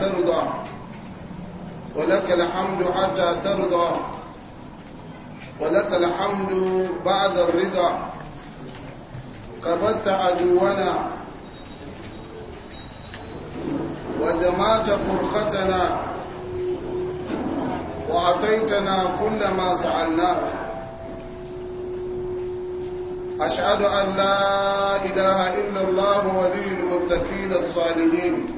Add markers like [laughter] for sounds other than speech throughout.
ترضى ولك الحمد حتى ترضى ولك الحمد بعد الرضا كبت عدونا وجمعت فرختنا وأعطيتنا كل ما سألناه أشهد أن لا إله إلا الله ولي المتقين الصالحين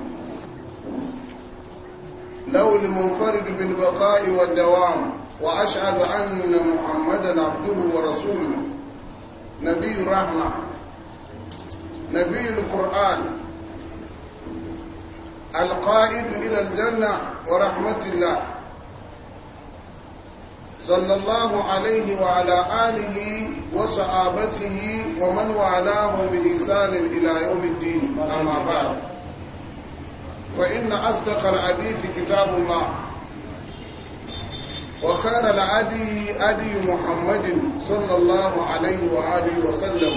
لو المنفرد بالبقاء والدوام وأشهد أن محمدا عبده ورسوله نبي الرحمة نبي القرآن القائد إلى الجنة ورحمة الله صلى الله عليه وعلى آله وصحابته ومن وعلاه بإحسان إلى يوم الدين أما بعد فإن أصدق في كتاب الله وخير العدي أدي محمد صلى الله عليه وآله وسلم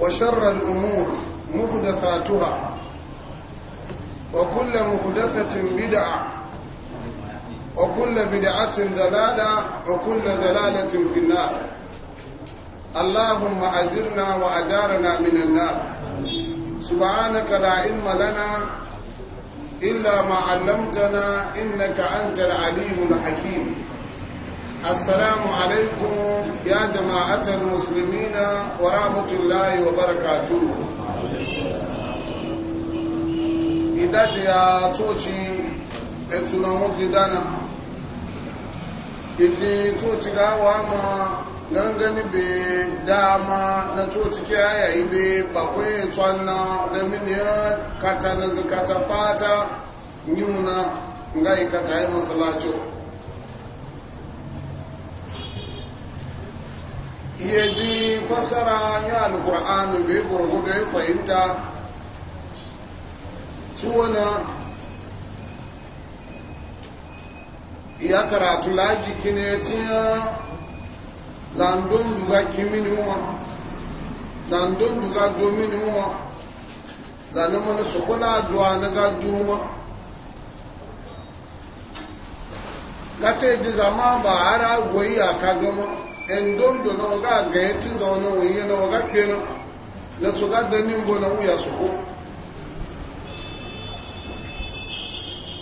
وشر الأمور مهدثاتها وكل مهدثة بدعة وكل بدعة دلالة وكل دلالة في النار اللهم أجرنا وأجارنا من النار subhanaka la ilma lana illa ma inna innaka antal alimul hakim assalamu alaikum ya jama'atal muslimina wa rahmatullahi wa barakatuh idaji ya toci etunan wuti dana iji toci gawa ma gangani be dama na coci kiyaye ibe bakwai tsanna da miniya kata na kata fata yuna yi kata yi masalacho iya fasara ya alkur'ani bai gurgudu ya fahimta suwana ya karatu laji kine tiya zandon duga kimini wọn zandon duga domini wọn zane mana sokola duwa na ga duma gace ji zama ba ara goyi a kagama en don do na oga ga yati zaune wuyi na oga kena na tsoga da nimbo na wuya soko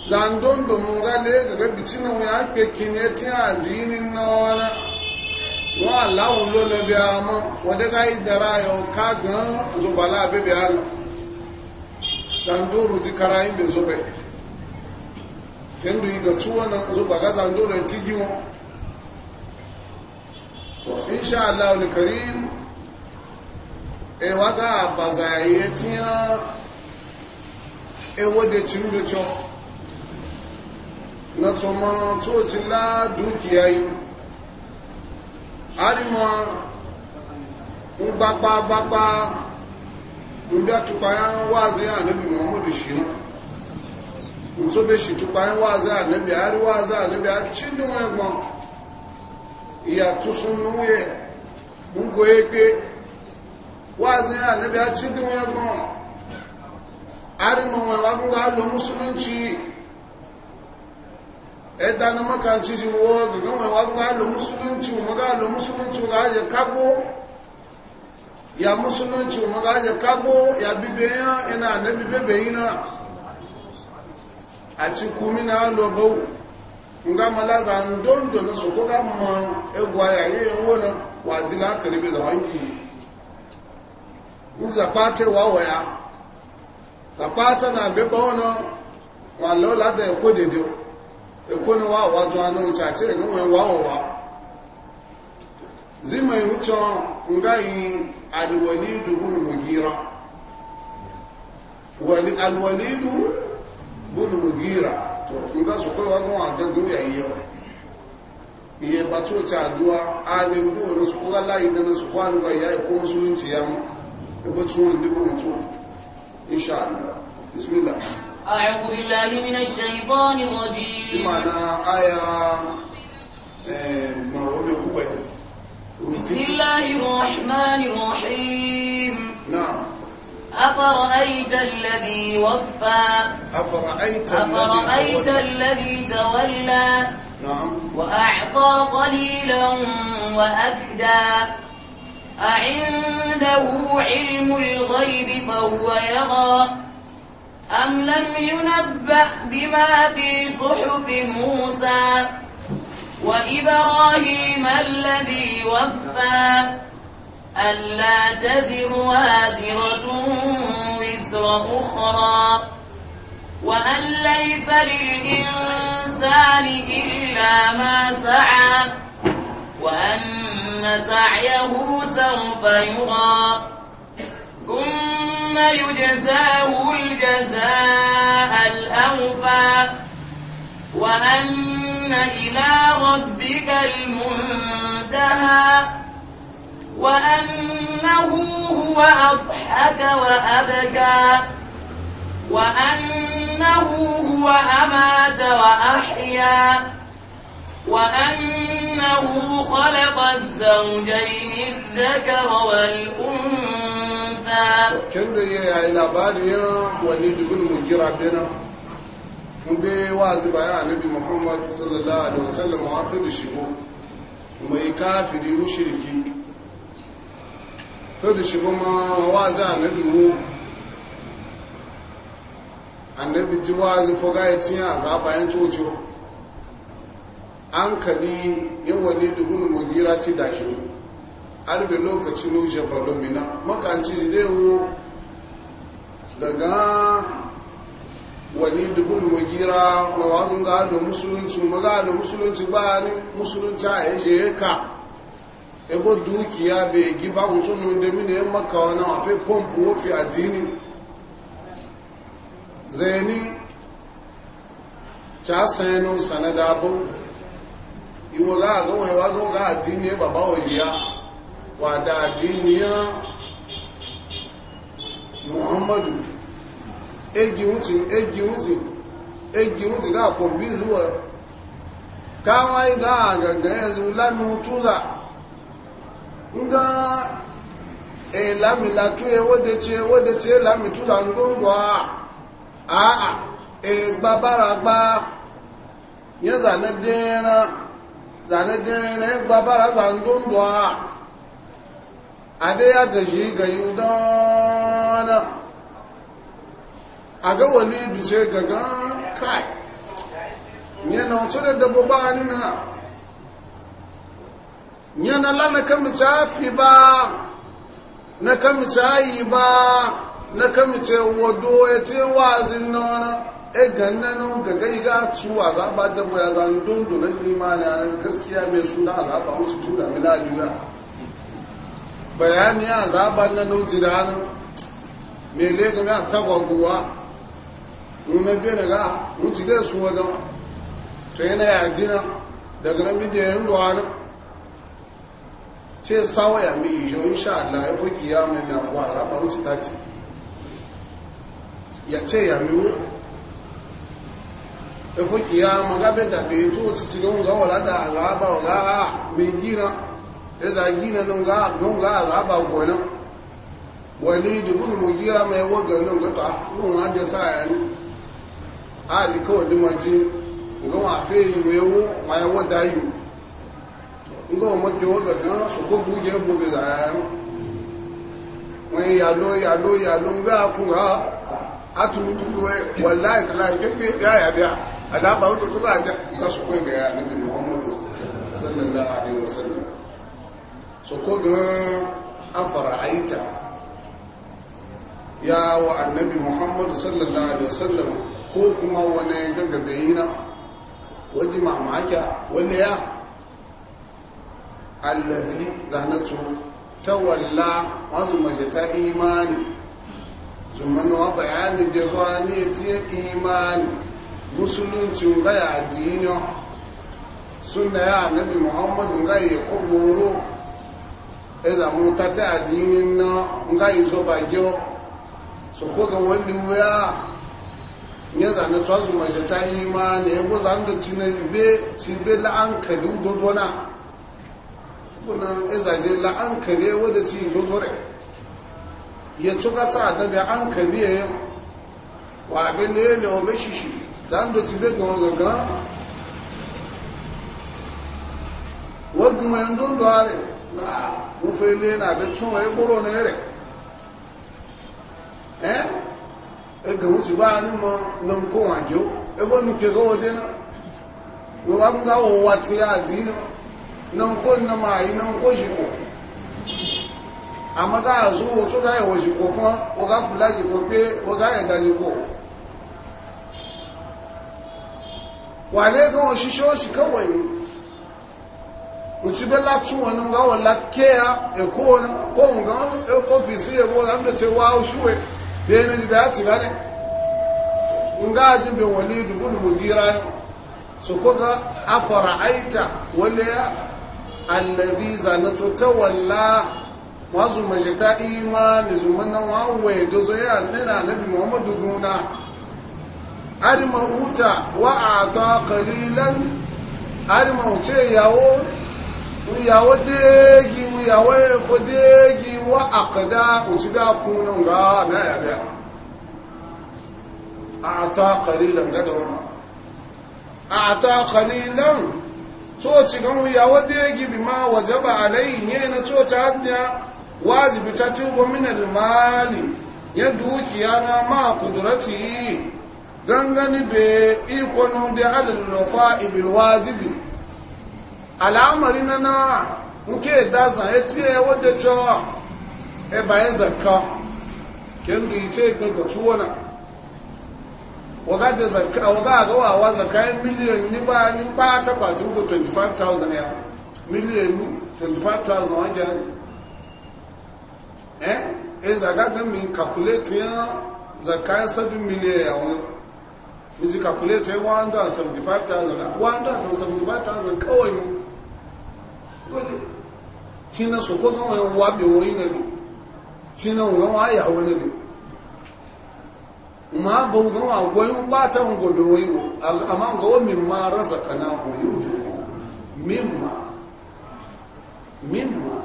zandon do mu ga le ga bici na wuya pe kinye ti na wana wọn àláwọn ló lẹ́bí àmọ́ wọ́n dẹ́gá ìdára ọ̀ká gan zọbàlá àbẹ́bẹ̀ àlọ́ sandoro ti kara yin bẹ̀ zọbẹ̀ kẹndù ìgbà tí wọ́n náà zọbàgá sandoro ti gí wọn to insha Allah al-karim ẹwà gá àbàzà ayé tí wọ́n ewó de tí ń lè mọ́ tó ti lá yìí arima ngbakpa gbakpa ndị atụkpanya waazị ya anabi muhammadu shina nsobe shi tụkpanya waazị ya anabi arị waazị ya anabi achị ndị nwa egbọn iya tusu nwunye ngo eke waazị ya anabi achị ndị nwa egbọn arima nwa ewa ẹ̀dá ni mọ́kàntí ti wọ́ gẹ̀gẹ́ wọn wá gbá lò mùsùlùmí ọmọgá lò mùsùlùmí láàyè ya yẹ kágbó ya bíbẹ̀ yán ẹ̀nà bẹ̀bẹ̀ àti náà lọ bọ́wọ́ nga malaza ndondo na soko ga mọ egwa ya ye wo na wa di kare be zawan ki uza pate wa wa ya la pata na be bo na wa lo la de ko ekonu wa wadu anu cha chire nwe wa wa zima yucho ngai alwalid ibn mugira wali alwalid ibn mugira to nga so ko wa ko agagu ya iyo iye batu cha adua ali ndu no so ko la ida no so ko anu ga ya ko musulunci ya mu ebo tuwa ndibo mutu inshallah bismillah أعوذ بالله من الشيطان الرجيم بمعنى آية بسم الله الرحمن الرحيم نعم أفرأيت الذي وفى أفرأيت, أفرأيت الذي تولى نعم وأعطى قليلا وأكدى أعنده علم الغيب فهو يرى أم لم ينبأ بما في صحف موسى وإبراهيم الذي وفى ألا تزر وازرة وزر أخرى وأن ليس للإنسان إلا ما سعى وأن سعيه سوف يرى ثم يجزاه الجزاء الأوفى وأن إلى ربك المنتهى وأنه هو أضحك وأبكى وأنه هو أمات وأحيا وأنه خلق الزوجين الذكر والأنثى كل يا إلى باريا وليد بن مجرى بنا mbe wazi baya annabi muhammad sallallahu alaihi wasallam wa fi da shigo mai kafiri mushriki fi da shigo ma wazi annabi wo ji wazi foga ya cinya azaba yan cociro an ka ni kani yawani dubun mugira ci da shi arbe lokacin uje balomina makanci dai wo daga wani dubun mugira mawagun ga da musulunci maga da musulunci ba ni musulunci a yaje ka ebo dukiya bai giba musulun da mini yan maka wani afe pompu wofi addini ni ca sayanin sanada abu ìwọ gáàgọ́ wọn ìwà gọ́ gáà dín ní bàbá òyìnbá wàdà dín ní muhammadu egi wuti egi wuti egi wuti gáà pọ̀ zuwa káwọn gáà gàgà ẹ̀sìn lánà túzà ń gá èlàmì látú ewóde tí ewóde tí èlàmì túzà ń gbóngbò àà ẹgbàbáragbá yẹ́zà zane gane gbabara zangon duwa a da ya gashi ga yi udana a ga wani bice gaga kai yana wato da dabo ba ni na yana lana kamita fi ba na kamita yi ba na kamita wado ya ce wazin na e eh, gannan ga iga cu azaba da ya zan dundu na jimani a nan gaskiya mai suna a zaba wasu tuna mila biya bayani a zaba na nuji da hannun mai lega mai tagwaguwa mai biya daga wuce da su wadon to yana yajina daga na nan yin ruwa nan ce sawaya mai ijo sha Allah ya fuki ya mai mai abuwa zaba wuce ta ce ya ce ya mai wuri efo kiyama gabe da be to ci cikin ga wala da azaba wala be gina za gina ga nan ga azaba gona wani dubun mu gira mai waga nan ga ta mun wa da sa ya ni ali ko di maji wa fe ma ya wada yu ngo mo je ga so ko bu be ya wani ya lo ya lo ya lo ga ku ga atu we wallahi kala ya ya alaba wato to ba Za su koyi ga nabi Muhammadu sallallahu alaihi wasallam so ko ga afara'aita ya wa annabi Muhammadu sallallahu alaihi wasallam ko kuma wani yi na waje mamaki wani ya allazi zanatu tawalla wazu majata imani zumanu bayanin da zuwa ne ta imani musulunci nga ya addinyo sunna ya annabi muhammadu nga ya kuburu eza mutata addinin na nga ya zoba gyo so ko ga wani wuya ne zane ya majata ima ne yabo zanga cinabe be la'ankali na kuna ezaje la'ankali wadda ci jojore ya tsoka ta annabi ankali ya yi wa abin da ya lewa bai dan da ci bai gawa gaga wadda mai ndun dare na mufe ne na da cin waye boro na yare eh e ga wuce ba ni ma nan ko wa gyo e bo ni ke ga wode na wo ba ga wo wati ya dino nan ko na ma yi nan ko shi ko amma ga zuwa so ga yawo shi ko fa o ga fulaji ko pe o ga yada shi ko wàlẹ́ gan wọn ṣiṣẹ́ wọn ṣìkẹ́ wọ̀nyí òtí bẹ́ẹ̀ látún wọn ní wọn la kéya ẹ̀kọ́ wọn kó wọn gan ọ́fíìsì ẹ̀wọ́ lámìlẹ̀ tẹ wá oṣù wẹ̀ bẹ́ẹ̀ ni bẹ́ẹ̀ àti bá dẹ̀ nga aji bẹ̀ wọ́n lé dùbú ni mo gira soko wọlé alẹ́bí zanatò tẹ wọlá zùmọ̀ṣẹ̀ta ìmá nìzùmọ̀ náà wọn wẹ̀ dọ́sọ̀ yẹ àlẹ́bí muhammadu náà. arimawuta wa ata qalilan arimawuce yawo yawo degi yawo efo degi wa aqda usiga kunun ga na ya ga ta qalilan ga da wannan ta qalilan coci ci gan yawo degi bi ma wajaba alayhi ne na coci hanya wajibi ta tubo min mali ya dukiya na ma kudrati gangani be ikonu da alalofa ibilwajibi al'amari na na nke daza etinye wadda cewa ebayin zarka kendo ice gaggacu wana waga ga zarka waga a gawawa zarkayin e miliyan ni ba ni ba ta kwaci ko 25,000 ya miliyan 25,000 wajen eh eh zaga gan min calculate zarka zarkayin 7 miliyan yawon is you calculate 175,000 175,000 kawai mu dole cina so ko kan wani wabe wani ne cina wani waya wani ne ma ba wani wani wani ba ta wani gobe wani amma ga wani mimma rasa kana wani mimma mimma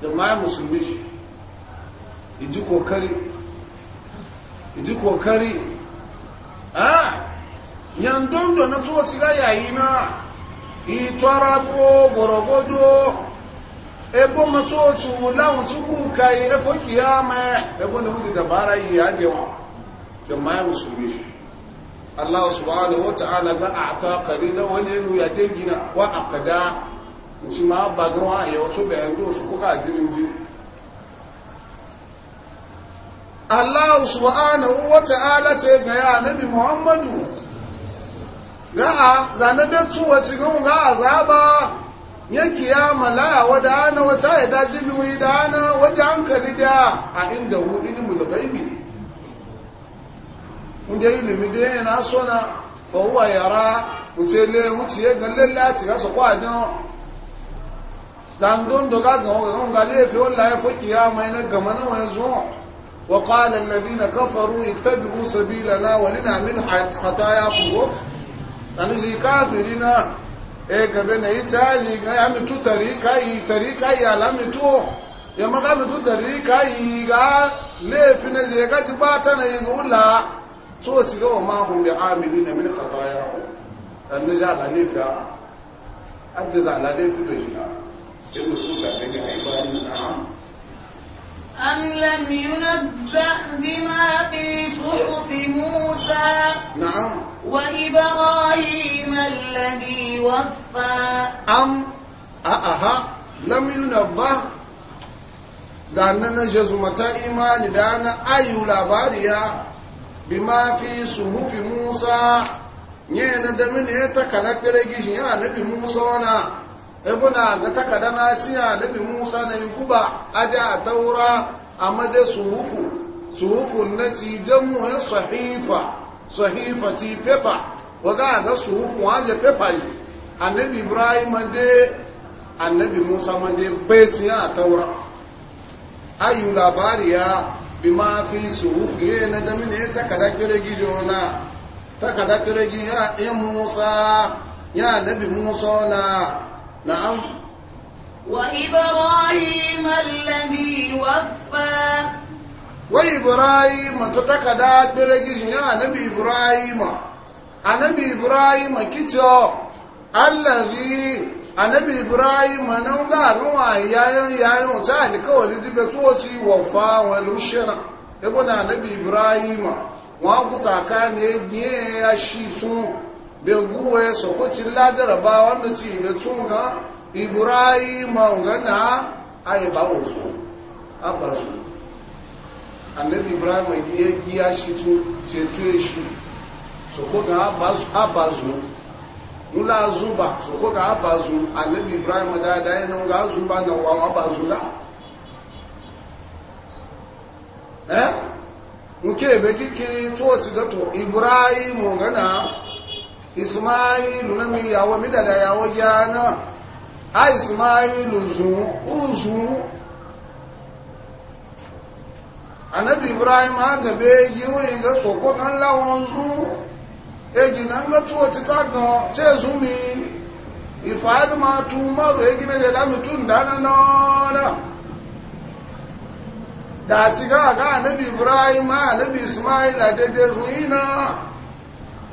da ma ya musulmi ji kokari ji kokari a da na tsohon siga yayi na itwara ko gorogodo ebo matsoci wulawun cikin kayi efo kiyama ebo ne mutu dabara yi ya jewa da maya musulmi shi Allah subhanahu wa ta'ala ga a ta kalila wani ya dangina wa a kada ma ba gawa ya wato bayan su kuka jirin jini Allah subhanahu wa ta'ala ce ga ya nabi Muhammadu ga a zanabin tuwa cikin ga azaba ya kiyama la wada ana wata ya daji biyu da ana an hankali da a inda hu da baibi inda ilimi da yana sona fa yara wuce le wuce ya ga lalle ga su kwajin dandun doga ga ga ga ga fi wallahi fa kiyama na wani zuwa وقال الذين كفروا اتبعوا سبيلنا ولنعمل خطاياكم أنا زي كافرين na itali ga ya mitu tarika yi tarika yi ala mitu ya maka yi ga lefi na je ga jibata na yi gula so ci ga wa ma hum na min khataya dan ne ja la lefi adda za أم لم ينبأ بما في صحف موسى نعم وإبراهيم الذي وفى أم أها لم ينبأ zanen na jazumata imani da na ayu labariya bi ma fi suhufi musa yana da mini ya takala kare gishin ya musa na? ebuna ga takada na ciya nabi musa na yi kuba ada a taura a made suhufu suhufu na ci jamu ya sahifa sahifa ci pepa waga ga suhufu waje pepa yi annabi ibrahim made annabi musa made beti a taura ayu labari ya bi ma fi suhufu ye na dami ne takada kere jona, na takada kere gijo ya e musa ya nabi musa na نعم وإبراهيم الذي وفى وإبراهيم تتكدا برجز يا نبي إبراهيم النبي إبراهيم كتو الذي النبي إبراهيم نوغا غوا يايو يايو تاني كو دي بتوتي وفا ولوشنا يبونا النبي إبراهيم وان كتاكا ني يا شي سون beguwe sokocin lajaraba wanda ci ga tsunga ibrahima ungana ayi babu su abba su annabi ibrahima ya giya shi tu te ceto shi sokoga abba su nula zuba sokoga abba su annabi ibrahima da da yana ga zuba na wa abba su da eh nke ebe kikiri to si gato ibrahima ungana ismailu na mi yawo mi dada yawo jana a ismailu zun uzun anabi ibrahim aga be yiwu ga soko kan lawon zu egi na nga tuwo ti sagan ce zumi ifadu ma tu maru egi na da lami tun dana nona da ci ga ga anabi ibrahim anabi ismail a daidai ruina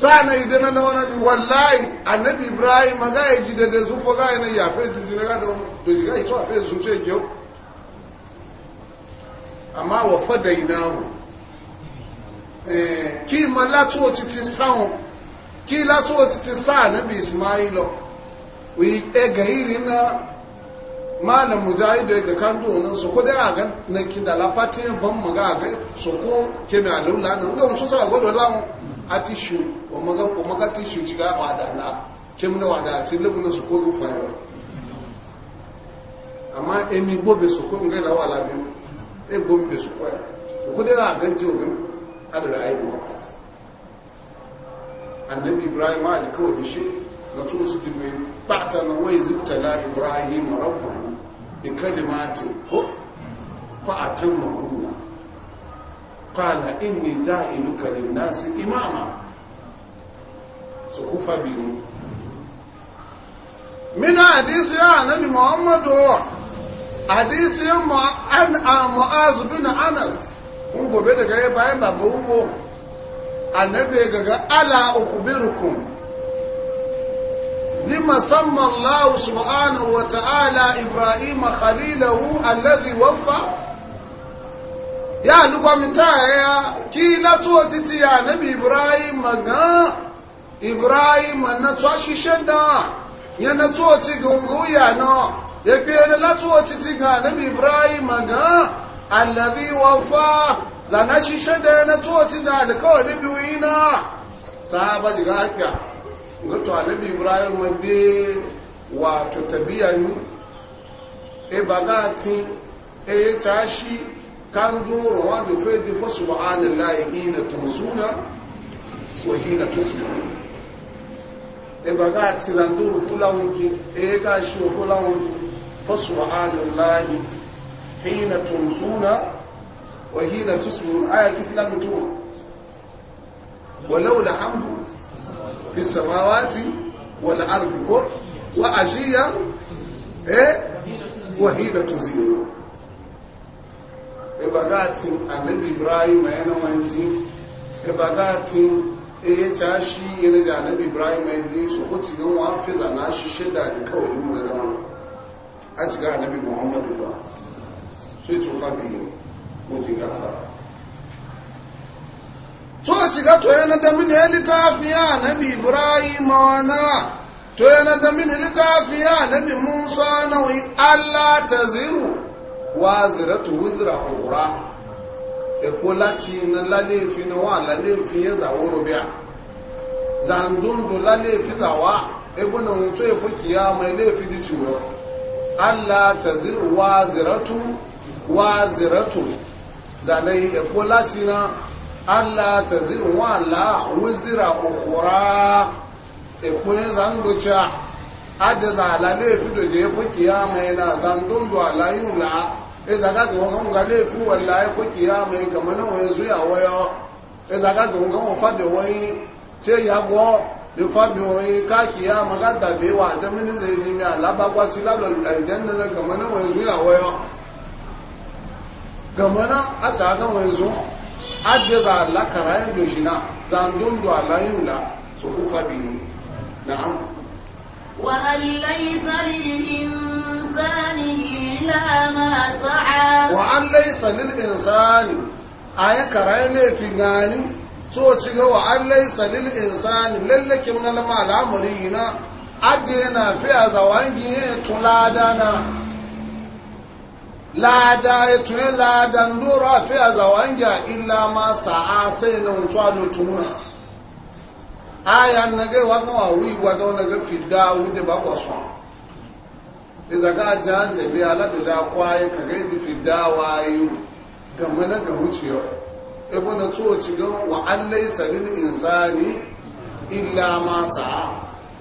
sana ide na na wana wallahi annabi ibrahim ga ya gide da su fo ga ya na ya fe ti jina ga do do ji ga ito afe su ce je amma wa fadainahu eh ki ma la to ti ti saun ki la to ti ti sa annabi ismailo wi e ga iri na malam mujahid ga kan do nan so ko da ga na ki da la patin ban ma ga ga so ko ke mi alula na ngon so sa go do lawon atishu omaga omaga tishu jiga wadala kemna wada ti lebuna su ko rufa yo Ama emi bobe be ko ngai la wala bi e gombe be ko su ko de ga ganti o gam adara ai do kas annabi ibrahim ali ko bi shi na tun su ti mai bata na wai zibtala ibrahim rabbuhu bi kalimati ko fa atamma kunna قال إني جاهلك للناس إماما سكوفا بيو من حديث يا نبي محمد حديث يا عن معاذ بن أنس kun gobe daga ya bayan baba hugo annabi gaga ala ukubirukum lima samma Allah subhanahu wa ta'ala Ibrahim khalilahu alladhi wafa ya lubamita ya ki latuwa titi ya nabi ibrahim maga ibrahim na tuwa shishen da ya na tuwa ti gungu ya na ya kpere latuwa titi ga nabi ibrahim maga allabi wafa zana shishen da ya na tuwa ti da alkawar nabi wina sahaba jiga hafiya ga tuwa nabi ibrahim mande wato tabiya yi e baga tin e tashi kan doro wa da faidi fa subhanallahi hina tumsuna wa e ba ga ti zan doro fulawun ji ga shi fulawun fa subhanallahi hina tumsuna wa hina tusbihuna aya kislan mutum ولولا حمد في السماوات والارض وعشيا ايه وحين تزيلون ebagatin annabi ibrahim yana wanzi ebagatin e ta shi yana da annabi ibrahim ya yanzu su ko ci gan wa fi zana shi shida da kawai mu da dawo a ci annabi muhammadu ba sai ci fa bi mu ji gafara to a ci to yana da mini litafiya annabi ibrahim wana to yana da mini litafiya annabi musa nawi allah taziru waziratu wizra ukhra epo lati na lalefi na wa lalefi ya zaworo biya zandundu lalefi zawa ebo na mutu ya kiyama laifi di ciwo allah ta ziru waziratu waziratu zanai lati na allah ta wa la wizra ukhra epo ya zanduca adda za lalefi da fi kiyama yana zandundu alayun la'a ezaka ga wọn kan ga le fu wala e fo kiya me ga mana wọn zu ya wo yo ezaka ga wọn kan wọn fa be wọn yin te ya go le fa be wọn yin ka kiya ma ga da be mi ala ba kwa si la lo aljanna na ga mana wọn zu ya a ta ga wọn a de za do jina zan do ala so ku fa وأن ليس للإنسان إلا ما سعى وأن ليس للإنسان آية كريمة في ناني توتشي وأن ليس للإنسان للك من الأمرين adina fi a zawangi tun lada na lada ya tuni ladan dora fi a zawangi illa ma sa'a sai na mutuwa da tuna aya nage wakan wawi wakan nage fidda wude ba kwa son iza e ga janje be ala do da kwaye ka ga di fidda wayu e gamma na ga wuciyo e bona tsoci ga wa allai salil insani illa ma sa'a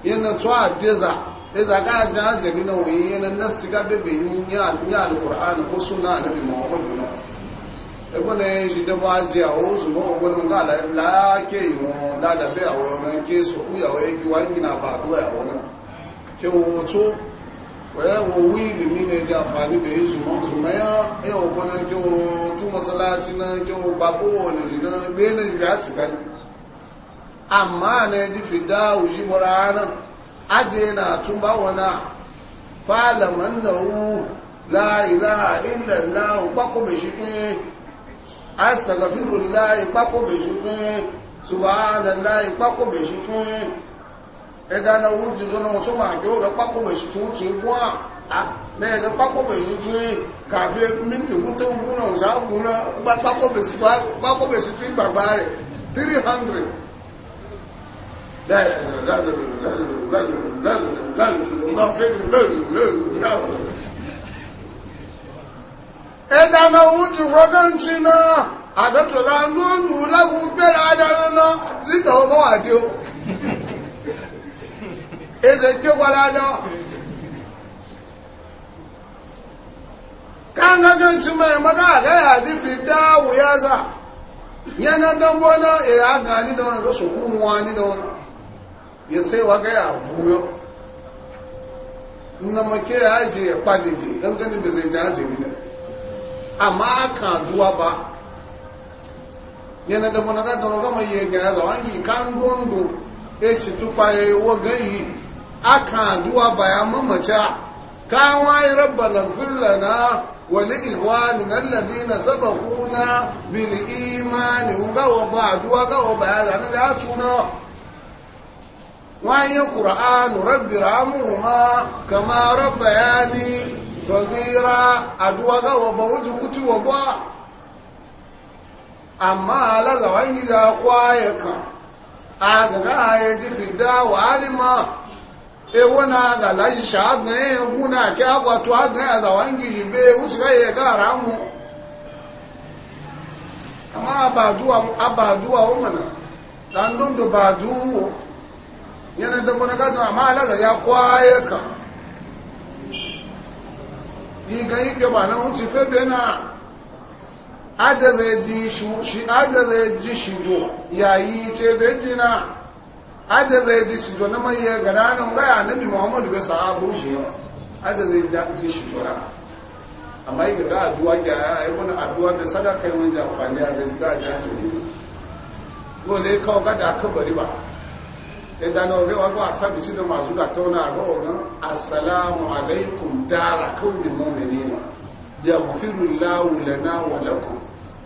yana e tsoa deza iza ga janje ni na wiye na nasiga be be yin ya alqur'ani ko sunna annabi muhammadu ẹgbọ́n ní ìṣèjọba ajé àwọn òṣùgbọ́n ọgbọ́n ní láàkè ìwọ̀n ládàbẹ́ àwọn ọ̀nà kí sọkú ìyàwó ẹgbẹ́ wá ń gbìnà àbàdó àwọn náà kí wọ́n tó wẹ́rẹ́ wọ wíìlì mí ní ẹjẹ́ àǹfààní bẹ̀rẹ̀ ìṣùmọ́ ìṣùmọ́ ẹ̀ ọ̀gbọ́n náà kí wọ́n tó mọ́sálásí náà kí wọ́n gba bówó ọ̀nà ìṣìná gbé ní tún bá láìláà ilẹ̀ láà ò pákó bẹ̀ pín astagfirullah ìpákòbè ṣùkún subhanallah ìpákòbè ṣùkún ẹ̀dánà owó ti sọ́nà ọ̀tún máa jọ ọ̀gá pákòbè ṣùkún ti wọ́n à lẹ́ẹ̀dẹ́ pákòbè ṣùkún kàfí mítìkú tó gún náà ṣáàkùn náà pákòbè sí fi gbàgbá rẹ̀ 300 láàrín ẹ̀dá náà wú ti fọ́gẹ́ǹtì náà àgbẹ̀tọ̀lá ló ń lù láwù gbẹ́rẹ̀ adáná náà síta ọgbọ́n àti o ẹsẹ̀ tí ó padà lọ. káńgáńgá tí mo àti fi dá yẹn náà dánwó náà èyí tó sòkú yẹ tí wọ́n gáyà àjẹ́ gángan àjẹ́ amma ka zuwa ba yana da mana zata wani gama yi ga yaza yi kan gondo e shi tupa ya yi wa gayi aka zuwa ba ya mamaca ka wayi rabba na na wani ikwani na lalabi na saba kuna bili imani gawa ba aduwa gawa ba ya zane da ya tuna wayi kur'anu rabbi ma kama rabba ya ni sagira aduwaga waba wuji kuti waba amma alaza wani za kwaye ka a gaga a yi ji fida wa alima e wana ga laji sha'adun ya yi muna ke agwatu adun ya za wani ji wusu ga ya gara mu amma abaduwa abaduwa umana dan dundu baduwo yana da mana gadon amma alaza ya kwaye ka iga yi ba na wuce febe na adaza ji shijo yayi ce beji na adaza ji shijo na mai ya gada nan gaya nabi muhammadu bai sahabu shi yau adaza ji shijo na amma yi ga aduwa ga ya yi wani aduwa da sadaka yi wani jamfani a zai ga jajin ne dole kawo gada bari ba idan oge wago asabi sido masu ga tauna ga ogan assalamu alaikum dara kaunin mu'minina yaghfiru llahu lana wa lakum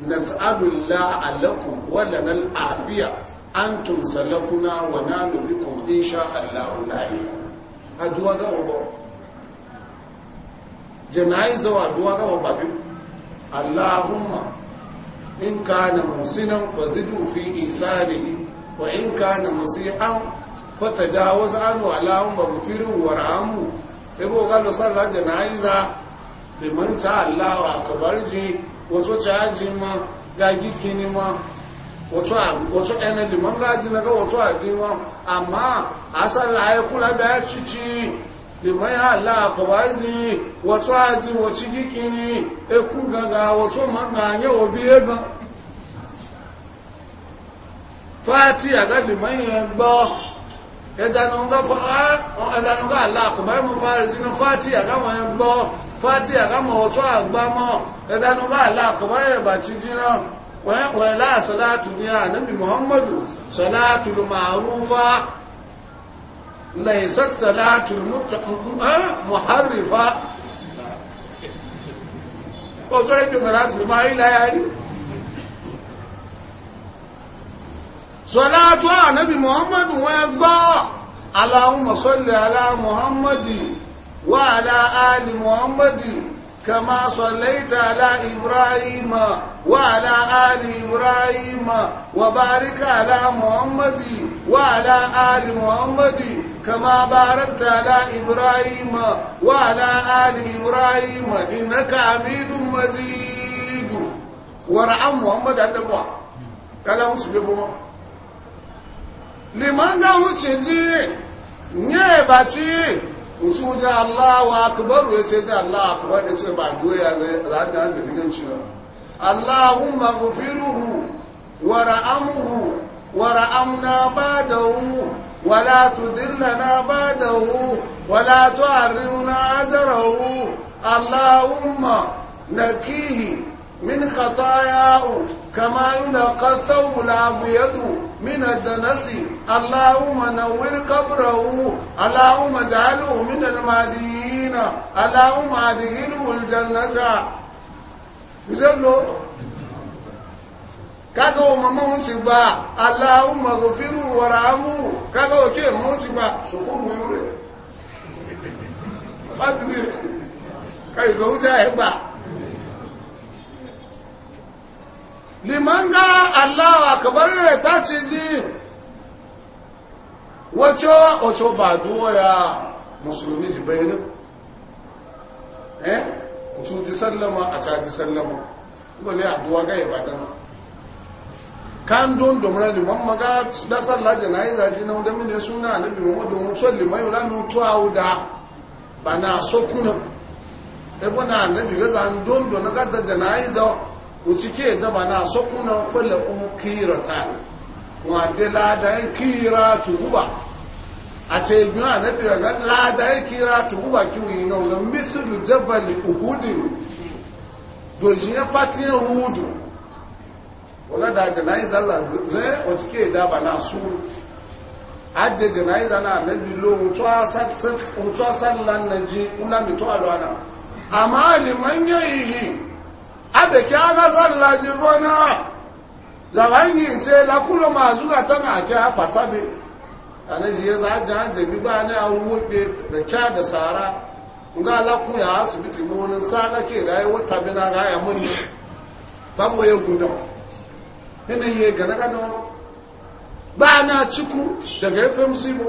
nas'alu llaha lakum wa lana al-afiya antum salafuna wa nanu bikum insha Allah lahi aduwa ga obo janaizo aduwa ga obabi Allahumma in kana musinan fazidu fi isanihi wa in kana musian fata jahawaza anu alahun marufiru wa rahamu ibo galo sarra jana'iza liman ta allahu akabar ji wato caji ma gagi kini ma wato ene liman gaji na ga wato aji ma amma asar laye kula da ya cici liman ya allah akabar ji wato aji e wato gikini ekun gaga wato maganye obi egan fati aga liman yẹn gbọ́ ẹ̀dànùgá aláàkùnbáyé mọ́ fàárí sínú fàtí àgáwọn ẹgbọ́ fàtí àgáwọn ọ̀tọ́ àgbámọ́ ẹ̀dànùgá aláàkùnbáyé ẹ̀bàtí dínà wọ́n láàsọ́látù ní ànábì muhammadu sọ́látù ma'arufa laisat salatu muharrifa ọ̀tọ́rẹ́gbẹ̀ sọ́látù máa rí láyárí sọ́látọ́ ànábì mọ́hàmàdù wọ́n ẹ gbọ́ aláhùnmọ̀ sọ́lẹ̀ aláhùnmọ̀hàmàdì wà aláhàlì mọ́hàmàdì kama sọ́lẹ̀ ìta aláhìbíráhìmà wà aláhìbíráhìmà wà báríkà aláhùnmọ̀hàmàdì wà aláhàlì kama barakta ala ibrahima wa ala ali ibrahima innaka amidun majid wa rahmu muhammad adabwa kala musbe bomo liman ga wuce ji nye ba ci musu da Allah wa akbar ya ce da Allah akbar ya ce ba doya zai rata ta digan shi Allahumma ghfiruhu wa ra'amuhu wa ra'amna ba'dahu wa la tudillana ba'dahu wa la tu'arrimna azrahu Allahumma nakihi min khataayaahu كما ينقى الثوب الابيض من الدنس اللهم نور قبره اللهم اجعله من المهديين اللهم ادخله الجنه بيزلو kaga o mama o ti gba aláhùnmà tó fírù wọ̀rà ámú kaga o kí èmú limanga allah akabar rẹ̀ ta ci di wacho wacho ba doya musulmi ji bayani eh mutum ti sallama a ta ti sallama gole addu'a ga ibadan kan don domina di mamma ga da sallah janaiza ji na da mine suna annabi muhammadu mutum limayu lamu tuauda bana sokuna ebona annabi ga zan don don ga da janaiza ucike da ba na so kuna fala un kirata wa de lada en kira tuba a ce bi na nabi ga lada en kira tuba ki wi no ga mislu jabal uhud do jiya pati uhud wala da janaiza za ze ucike da ba na su adde janaiza na nabi lo mutwa sat mutwa sallan naji una mitwa lwana amma liman yayi Abe abeke amasallaci bona zabangi ce lakulo masu ga tana ke a fatabe a na shi ya zaji hajji gba ne a wuɗe da kya da sara nga lakun ya asibiti monin saka ke da ya wata bina ga ya mun bambo ya guda yanayi ya gana gana ba na ciku daga ya fahimci mu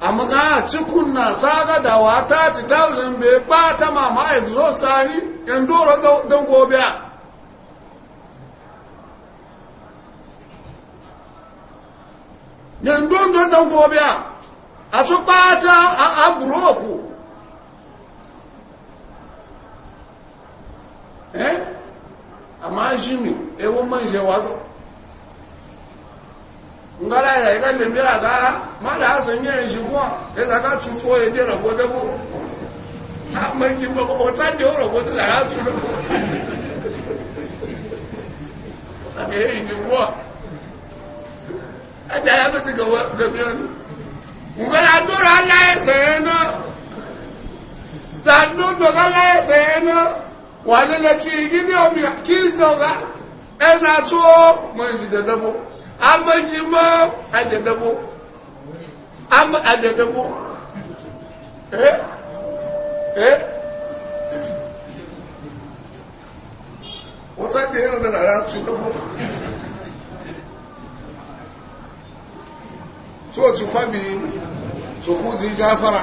amma ga cikun na saga da wata 2000 bai bata mama exhaust ani yan doro don gobe yan don don gobe a su bata a aburoku eh amma shi mi ewu man shi wazo ngara ya ga le mbi ma da hasan ne shi ko e ga ka chu fo e de ro go de ha ma ba ko ta de ro go de la chu ro e ni wo a ja ya ba ti ga wa ga mi do ra la e se no ta do do ga la e se no wa le le chi gi de o mi ki zo ga e za chu mo ji de de amedzimɔ adzedebo ame adzedebo ee ee wọ́n ti ń bẹ̀rẹ̀ ara tu lọ́wọ́ tí o ti fábì tòkú di gáfara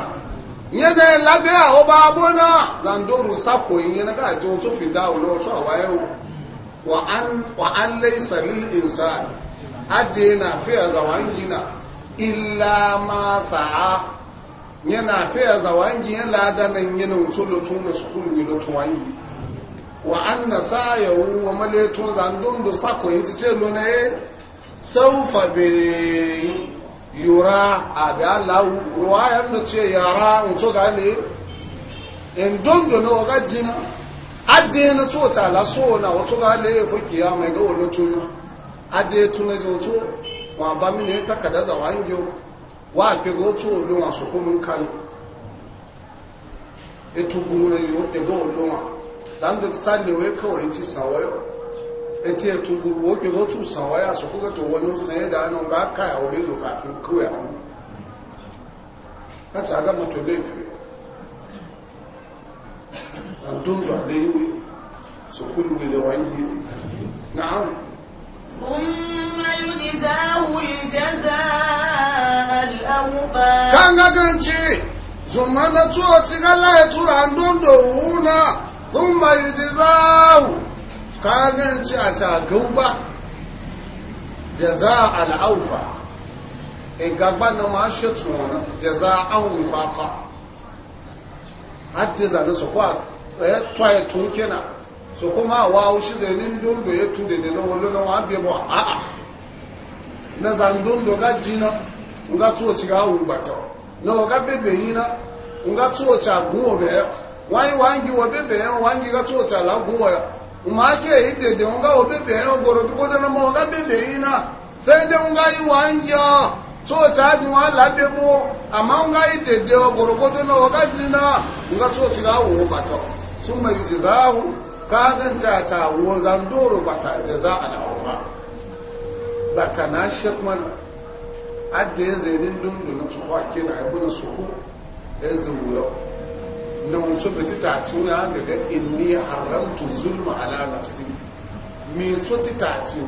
yẹn dẹ lábẹ́ àwọn bá a bọ́ náà dandoro sáko yìí yẹn ká àjọ tó fi dá òun lọ́wọ́ tó àwáyé o wà á lé ìsàlẹ̀ ìsàlẹ̀. aje na fiya zawangi na illa ma sa'a na fiya zawangi yana lada nan yana wuce lotun na sukulu yi lotun wangi wa an na sa yawu wa maletun zandun da sako yi ce lona ye saufa bere yura a da alawu ruwa ya nuna ce yara wuce ga ne in dondo na wagajina aje na cota laso na wuce ga ne ya fi kiyama ga wani lotun adé tún lẹ́jọ́ na wọn àbá mi ní na zà wá ń jẹ́ wá àgbẹ̀gọ́ tó ò lóhun àsopọ̀ mú ká ní ètò gbùnmù rẹ̀ yóò gbẹ̀gọ́ ò lóhun dáńdọ̀ ti sáà lèwé kọ̀wé ti sàwọ́yọ̀ ètò ètò gbùnmù ó gbẹ̀gọ́ tó sàwọ́yọ̀ àsopọ̀ kẹtọ̀ wọn ló sẹ́yẹ́ dáná bá ká kan ka kan ci zuman da sun bayu ji zahu a cagau ba jaza al'aufa in gaba na so kuma wa wushi zainin dondo ya tude da na wallo na wa biya ba a'a na za dondo ga jina nga tuwo ci ga wu bata na wa ga bebe yina nga tuwo ci agun obe ya wani wangi wa bebe ya wangi ga tuwo ci alagun wa ya ma ke yi dede nga wa bebe ya goro duko da na ma wa ga bebe yina sai dai nga yi wangi ya tuwo ci agun wa labe mu amma nga yi dede o goro ko na o ga jina nga tuwo ci ga wu bata sun mai yi jizahu kagan tata wo zandoro bata jaza al'afa bata na shekman adda ya zainin dundun su kwake na abin na ku ya zuwuyo na mutum da tita ci na gaga inni haramtu zulma ala nafsi mi so tita ci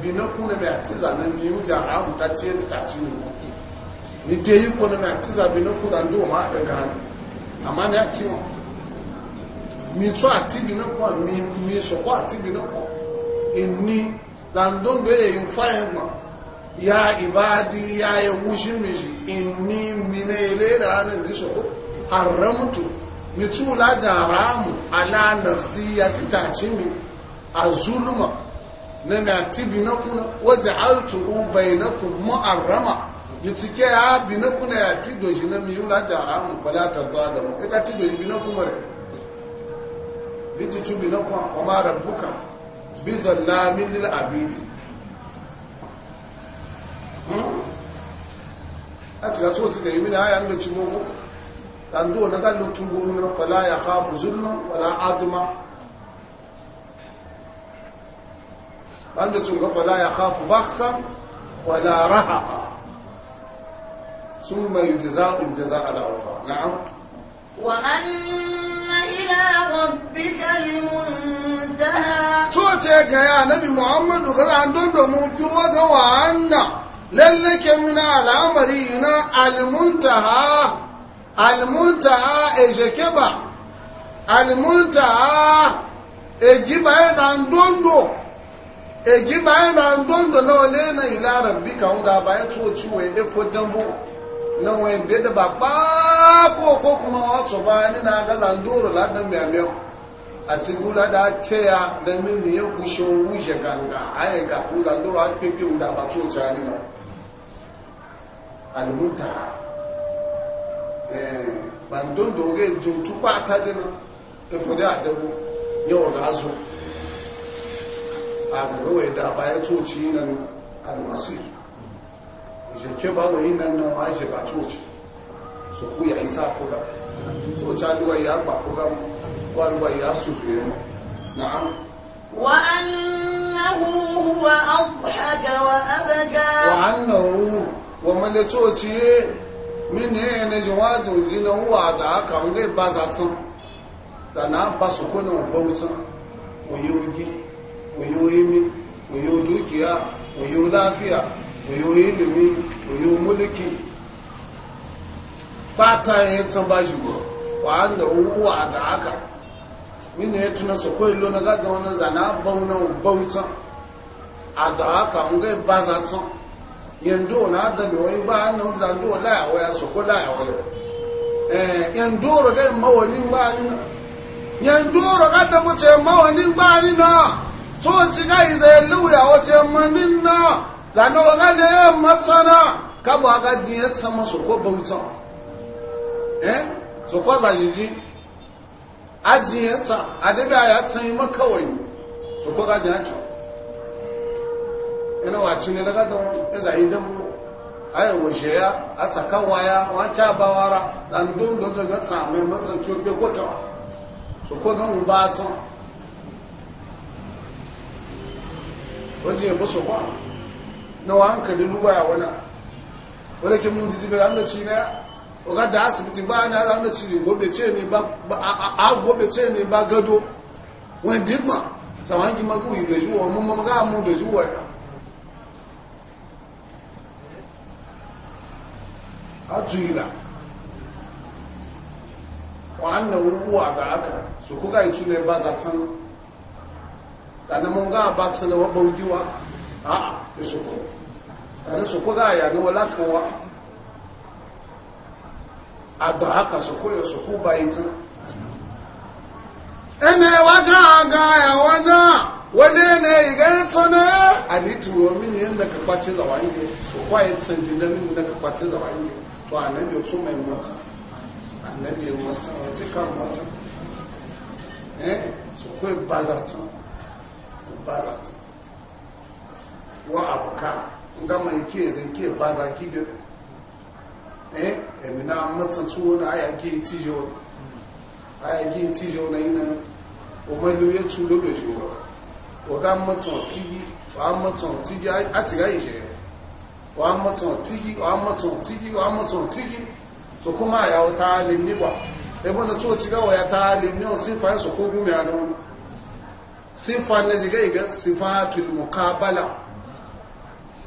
bi na kuna bai ci zanen ni yuja ramu ta ce tita ci ne ni dai yi kuna bai ci zabi na kuna ndo ma daga hannu amma na ci mi tún àtìbí náà kọ̀ mi mi sọ̀kọ́ àtìbí náà kọ̀ èmi làǹdóńdó èyàn fáyẹn ya ìbáàdí ya ewu ṣímìṣì èmi mi ní eléèrè àná ìdí sọ̀kọ́ àrẹ́mùtò mi tún lájà àràmù aláàlọ́sí àti tàchí mi àzúlùmọ̀ na na tibi na kuna waje altu ubai na ku mu'arrama ya cike ya bi na kuna ya tido shi na miyu la jaramu fala ta zalamu ita tido bi na kuma rai bitutubi na kuma kuma rabbuka bizon lamin lil abidi a cika so su da yi mini haya da cikin ku ɗandu na gallon tunguru na fala ya kafu zulman wala aduma wanda cunga fala ya kafu baksa wala raha sun mai jaza'ul jaza'a da alfa na'am wa'an ila rabbika almuntaha so ga ya nabi muhammadu ga an domin duwa ga wa'anna lalle ke al'amari na almuntaha almuntaha e jekeba almuntaha e giba ya dondo e giba ya na ole na ila rabbika wanda bayan ciwo ya efo dambo na wani bai da ba ko ko kuma wato ba ni na ga zandoro la da miyamiyo a cikin da ce ya da min ne ya kushe wuce ganga a yi ga ku zandoro a pepe da ba to ta ni na almunta eh ban don doge jutu ba ta dinu e fodi adabu yau da azu a ga wai da ba ya to ci na almasir ìṣẹ̀kẹ́ bá wọ̀ yìí nánà wọ́n á ṣe bá church sọ̀kú yà ń sáà fúgà tó ṣá lúwa ya á gbà fúgà mọ́ wà lúwa yà á sùfù yẹn mọ́ nàá. wà á nàhú wà á kàgà wà á bẹ̀gà. wà á nàhú wà mọ́lẹ̀ tó ti yé mí ní ẹni jù wá dùn jí náà wà á dà á kà ń lè oyo ilimi oyo mulki bata ya tsan ba shi go wa da uwa da aka mini ya tuna so ko ilo na gaga wannan zana bauta a da aka mun ga ba za yando na da wai ba nan ya so ko la eh yando ro ga mawani ba ni yando ro ga mu ce mawani ba ni na so shi ga izai luya wace manin na zana waga da yawan matsana ka ga ko bautan eh su ko za jiji a ya a ma kawai su ko ga wace ne daga don ya zai da mu ayi waje ya a tsakan waya wa e bawara dan dun da ta ga tsamai matsan ko be ko ta ga mu ba wajen ya bu su na wa hankali luba ya wana wala ke mun jizi ba ci na oga da asibiti ba na ran da ci gobe ce ne ba a gobe ce ne ba gado wani digma ta wangi magu yi da juwa mun mamaga mu da ya a tuyila wa'annan ruwa ga aka su kuka yi tunai ba za zaton da na mun ga ba tsanin wa a a da su kuma tàbí sọ̀kọ́ gáàyà ní wọlá kan wá bá yìí ẹni wá gáàgá ẹ̀wọ́ náà wọ́n ní ìgẹ́ tọ́nà àdìtìwò mí ní ẹ̀nà kẹpàtì lọ́wọ́ yìí sọ̀kọ́ ní ẹ̀nà kẹpàtì tó ànábì ọtún mẹ́ mọ́tì ọtí ká mọ́tì nga mai ke zan ke ba za ki bi eh emi na matsa tuwo na aya ke tije wani aya ke tije na yi nan o mai lu ya tu lo doji wa o ga matsa tigi wa matsa tigi a ti ga ije wa matsa tigi wa matsa tigi wa matsa tigi so kuma ya ta le ni wa ebo na tuwo ti ga wa ya ta le ni o sin fa so ko gumi anu sin fa ne ji ga iga sifatul muqabala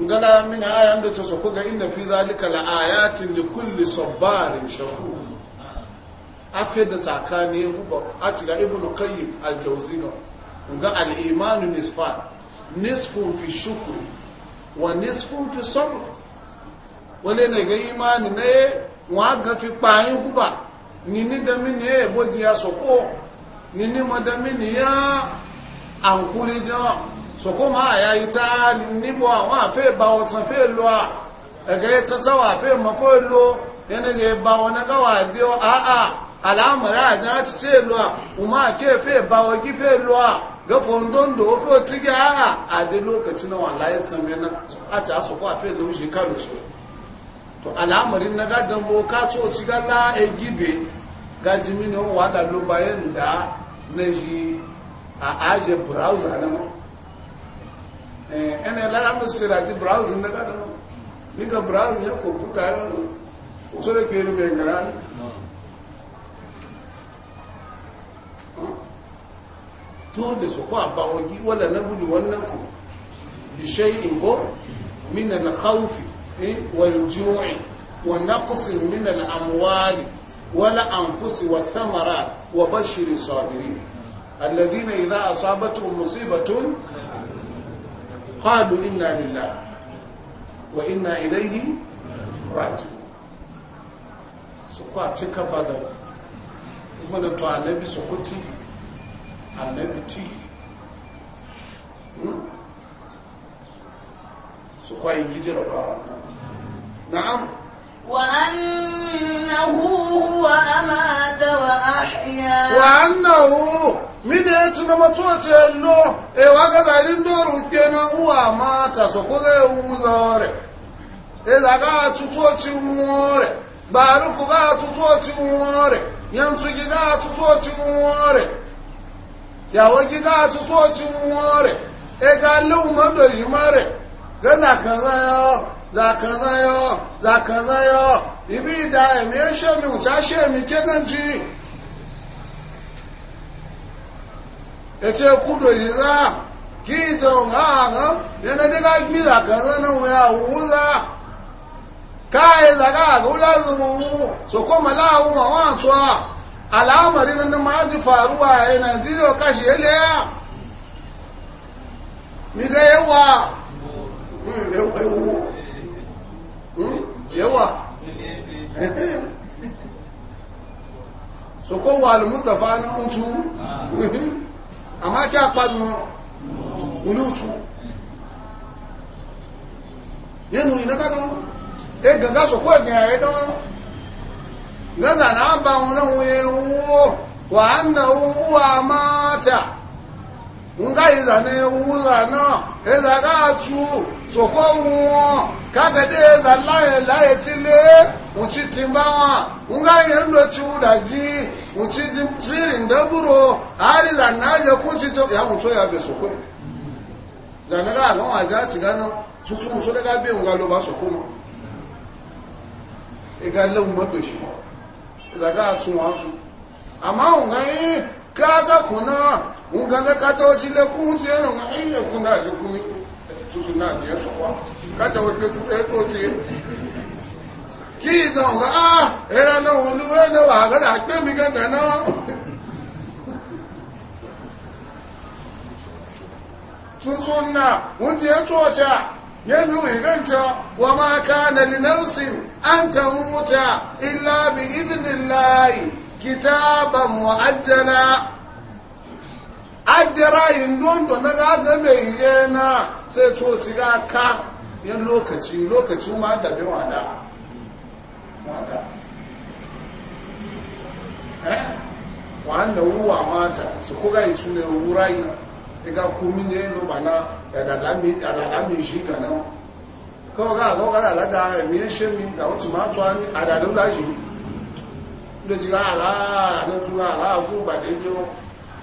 ngala min ayan da ta soko ga inna fi zalika la ayatin li kulli sabarin shakur afi da tsakani ruba ibnu qayyim al-jawziyya nga al-imanu nisfan nisfun fi shukr wa nisfu fi sabr wale ne ga imani ne wa ga fi payin kuba ni ni da min ne boji ya soko ni ni da ni ya ankuri jama'a sọ̀kọ́ yayi yá ìta níbò àwọn àfẹ́ bá ọ̀tàn fẹ́ lọ à ẹ̀gẹ́ tẹ́tẹ́wà fẹ́ mọ́ fẹ́ lọ ẹni lè bá wọn nágáwà dé àà àlàmọ̀rẹ́ wa láti tẹ́ lọ a ọmọ àkẹ́ fẹ́ bá ọjí fẹ́ lọ à gẹ́fọ́ ndóńdó fẹ́ tígẹ́ àà àdé lókàtí náà wà láyé tẹ́mẹ́ná àti àsọ̀kọ́ àfẹ́ lọ ṣe kánò ṣe to al'amarin na gadon boka co ci gala e gibe gaji mini wada lo bayan da na ji a aje browser na Eh, ene la mi sira ti browse na kada ni ga browse ya computer ya no so le pe ni me ngara dole su ko abba waji wala nabulu wannakum bi shay'in go min al khawf eh, wal ju'i wa naqs min al amwal Wala anfus wa thamarat wa bashir sabirin alladhina idha asabatuhum musibatun قالوا إنا لله وإنا إليه راجعون suka cika bazar kuma to annabi su kuti annabi ti hmm? su kwa yi gijin rabu a na'am wa'annahu wa wa ahiya mini etu na matsoce lo e wa ga zarin doru kenan uwa mata so ko ga uzore e za ga tutoci wore barufu ga tutoci wore yanzu gi ga tutoci wore yawo gi ga tutoci wore e ga lu ma do yi mare ga za ka za yo za ka za yo za ka za yo ibi da e mi she mi uta mi ke ganji yace kudo yiza ki don ha ga yana daga mi da kaza nan waya wuza kai zaga gula zu so ko mala hu ma wa tsoa al'amari nan ma ji faruwa a Najeriya kashi yele ya mi da yawa mm yawa mm yawa [laughs] so ko wal mustafa nan mutu ah. [laughs] amma ki akpanu ulutu yenu ina ka don e gaga so ko e gan e don gaza na ba won na wo wa annahu wa nga izana ewula naa, ezaga atu soko wọn kakade eza laye laye ti le ŋutsi ti ba wọn nga yẹn lo ti wuda ji ŋutsi ti tiri ndébúrò ari zana yẹ kó ti tẹ ya ŋutsu ya be soko yẹ zana ká àgbọn àti àti gánà tuntun ŋutsu dẹ ká bẹ nga ló ba soko nù ega lé wọn mọtò si ezaga atu wọn atu àmà nga yẹn ká ká kuna. uganga katochi lekunzi enonga iye kunaje kumi tutu naje yesokwa kata wepe tutu etochi kiza nga ah era no hundu wene wagala akpe miganda na tutu na hundu etocha yanzu inganta wa ma kana li nafsin an tamuta illa bi idnillahi kitaban muajjala adira ndọ ndọ na ga ga mai yana na setu ga ka yan lokaci lokaci ma da bi wada wada eh wanda ruwa mata su kuga yi su ne wurai daga kumi na lo bana ya da lami ya da lami shi ga mi she otu ma twa ni ada lo la shi ga ala ndo tu ala ku ba de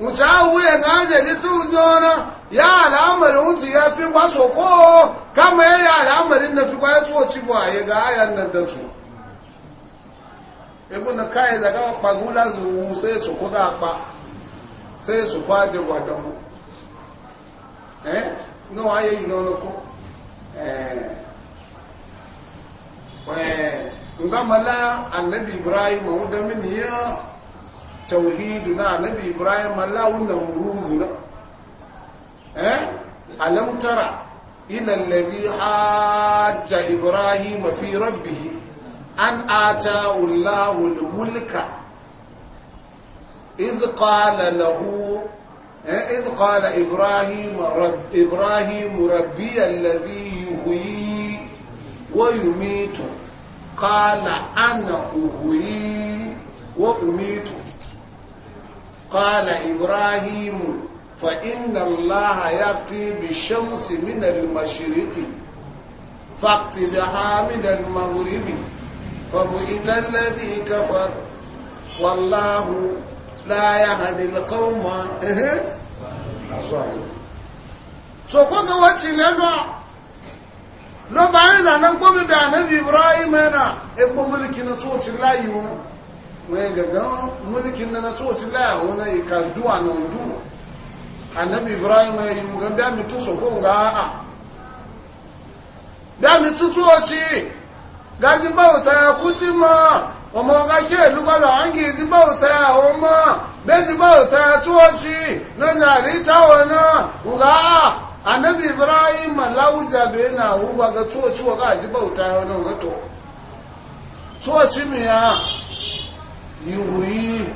wuce awuye na anjeli sun jona ya al'amarin wuce ya fi kwaso ko kama ya yi al'amarin na fi kwaye tsoci ba ya ga ayan nan da su ibu na kayan zaga kpagula zuwu sai su kuka kpa sai su kwade gwada mu eh no waye yi nono ko eh eh nga mala annabi ibrahim mu da min توحيدنا نبي إبراهيم الله ونمروذنا أه؟ ألم ترى إلى الذي حاج إبراهيم في ربه أن آتاه الله الملك إذ قال له إيه؟ إذ قال إبراهيم رب إبراهيم ربي الذي يهوي ويميت قال أنا أهوي وأميت قال إبراهيم فإن الله يأتي بالشمس من المشرق فاقتجها من المغرب فبئت الذي كفر والله لا يهدي القوم الظالمين so kunga wacce lagwa lo bayan zanen gobe da annabi ibrahim yana ekpo mulki na tsocin layi wani wai gagan mulkin na na tsoci la'awun na ikarduwa na udu annabi ibrahim ya yi ga dami tu so kun ga a'a dami tu tsoci gaji bauta ya kuti ma ọmọ ọgákí èlúgbọ́dọ̀ áńgì ti bauta ya ọmọ na zari táwọn náà ga a'a annabi ibrahim lawuja bai na hugwa ga tsoci wa ga ji bauta ya wani ga ya yuhyi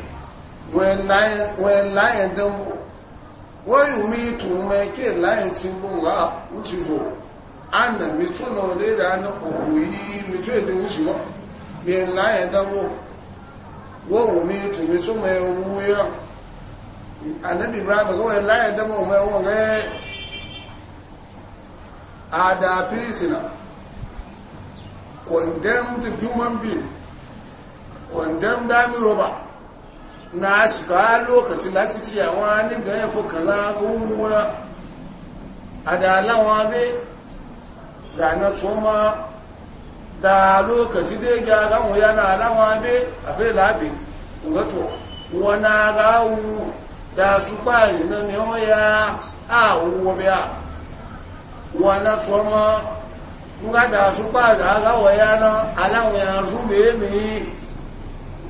wen laye dambo wọ́n yìí mi tù mọ́ ike láyé tí mo wà ó ti rò ànà mi tún náà léèrè àná òwò yìí mi tún èdè wù sí mọ́ mi láyé dáwọ́ wọ́n wò mí tù mí tún mọ́ ewu yá ànábì ibrahim kọ́ wọ́n láyé dáwọ́ mọ́ ẹwọ́ rẹ̀ àdà pírísìnà condemned human being kwandon dami roba na shiga lokacin láti ci àwọn anígbẹ̀yẹ̀ fòkànlá wúwúwúra àdáláwọn abẹ́ zànà tó ma da lokaci dé gyara wọn yana aláwọn abẹ́ àfẹ́ lábẹ́ ọgọ́tọ̀ wọn na ráwú da ṣùgbà ìrìnà ni wọ́n a wọn na tó ma ń gádà ṣùgbà ìrìnà aláwọn ya náà aláwọn ya rú mẹ́mẹ́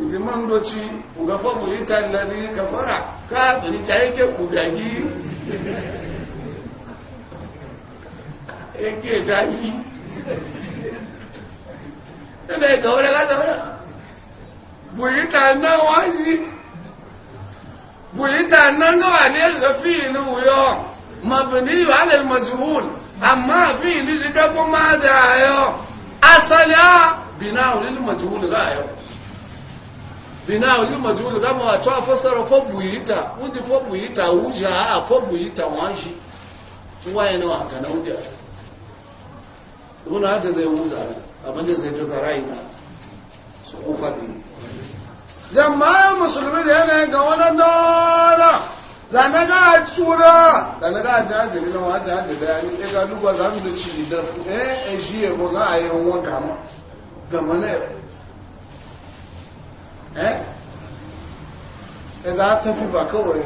inji man doci ga fabu ita lari kafara ka rica yake ku gagi yake jashi ebe ga e wuri lada wuri buyita nan wani buyita nan gawa ne ga fi'ili wuyo mabini alal majhul amma fi'ili shi ga kuma da ayo asali a bina wuri majhul ga ayo bina wuli majulu gama wato a fasara fobu yita wuji fobu a a fobu yita wanshi waye na waka na wuja ibn haka zai wuza abin da zai gaza ra'ina su kufa biyu jama'a musulmi da yana ga wani dole da na ga tsura da na ga jajiri na wa jajiri da yanni ɗaga duba za mu da ci da eh eh shi ya ko za a yi wanka gama gama na yau eh za ta fi ba kawai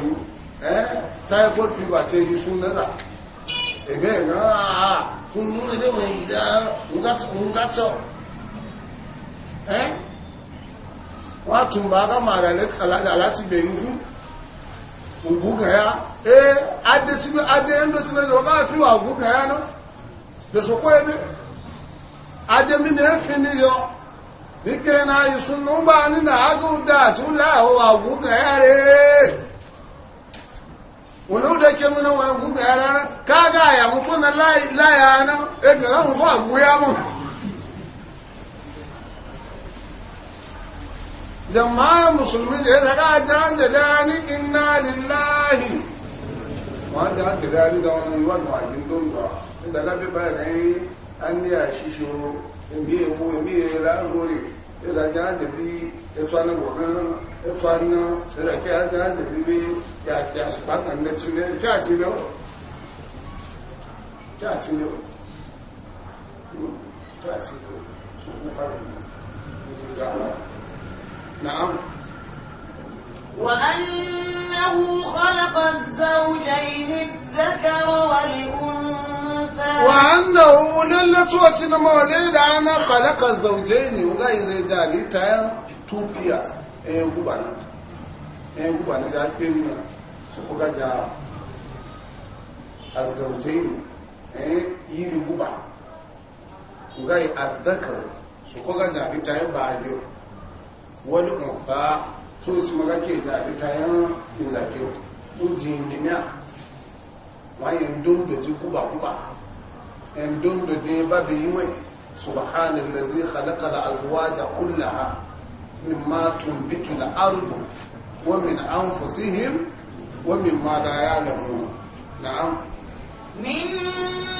eh typhoid fever ce yi sun naza ebe na sun nuna da mai gida ngatsa eh wàtún bá ká máa rẹ̀ lẹ́kàládà láti bẹ̀yìn fún ògúnkẹ̀yà ee adé tí ó adé ń lọ sílẹ̀ lọ káà fíwà ògúnkẹ̀yà náà lọ́sọ̀kọ́ ẹgbẹ́ adé mi ní ẹ́ fi yọ wípé na ìsúnú bá nínú àgùdà súnlá ò àgùgbẹ̀ẹ́rẹ́ wọn ló dẹ́kẹ́ mú náà àgùgbẹ̀ẹ́rẹ́ káàkà àyàwó na láyà náà ẹgbẹ̀ láwọn musulmi da ya zaga jajjada ni inna lillahi wọ́n ti hàtìrí àrídà wọn ni wọ́n ni wà ní tó ń gbà ní dàgbà bí an èmi èwo èmi èlà sórí èlà jẹ́ àjẹ̀bí ètò anamọ̀gbẹ́rán ètò aná èlà kí á jẹ́ àjẹ̀bí bí yàtì àṣìpá kan lẹ́tí lẹ́yìn kí àti lẹ́wọ̀ kí àti lẹ́wọ̀ kí àti lẹ́wọ̀ sókú fáwọn ètò ìdáhùn náà. وأنه خلق الزوجين الذكر والأنثى وأنه للتوت نمولي لأنا خلق الزوجين وغاي زي جالي تايم تو بياس إيه وقبانا إيه وقبانا جال بينا سوكوغا جا الزوجين إيه يلي وقبا وغاي الذكر سوكوغا جالي تايم بعديو والأنثى توت مغاكي جالي تايم إزاكيو وجينينا wayan dondo ji kuba kuba ان دوندو دي بابي سبحان الذي خلق الازواج كلها مما تنبت الارض ومن انفسهم ومما لا يعلمون نعم من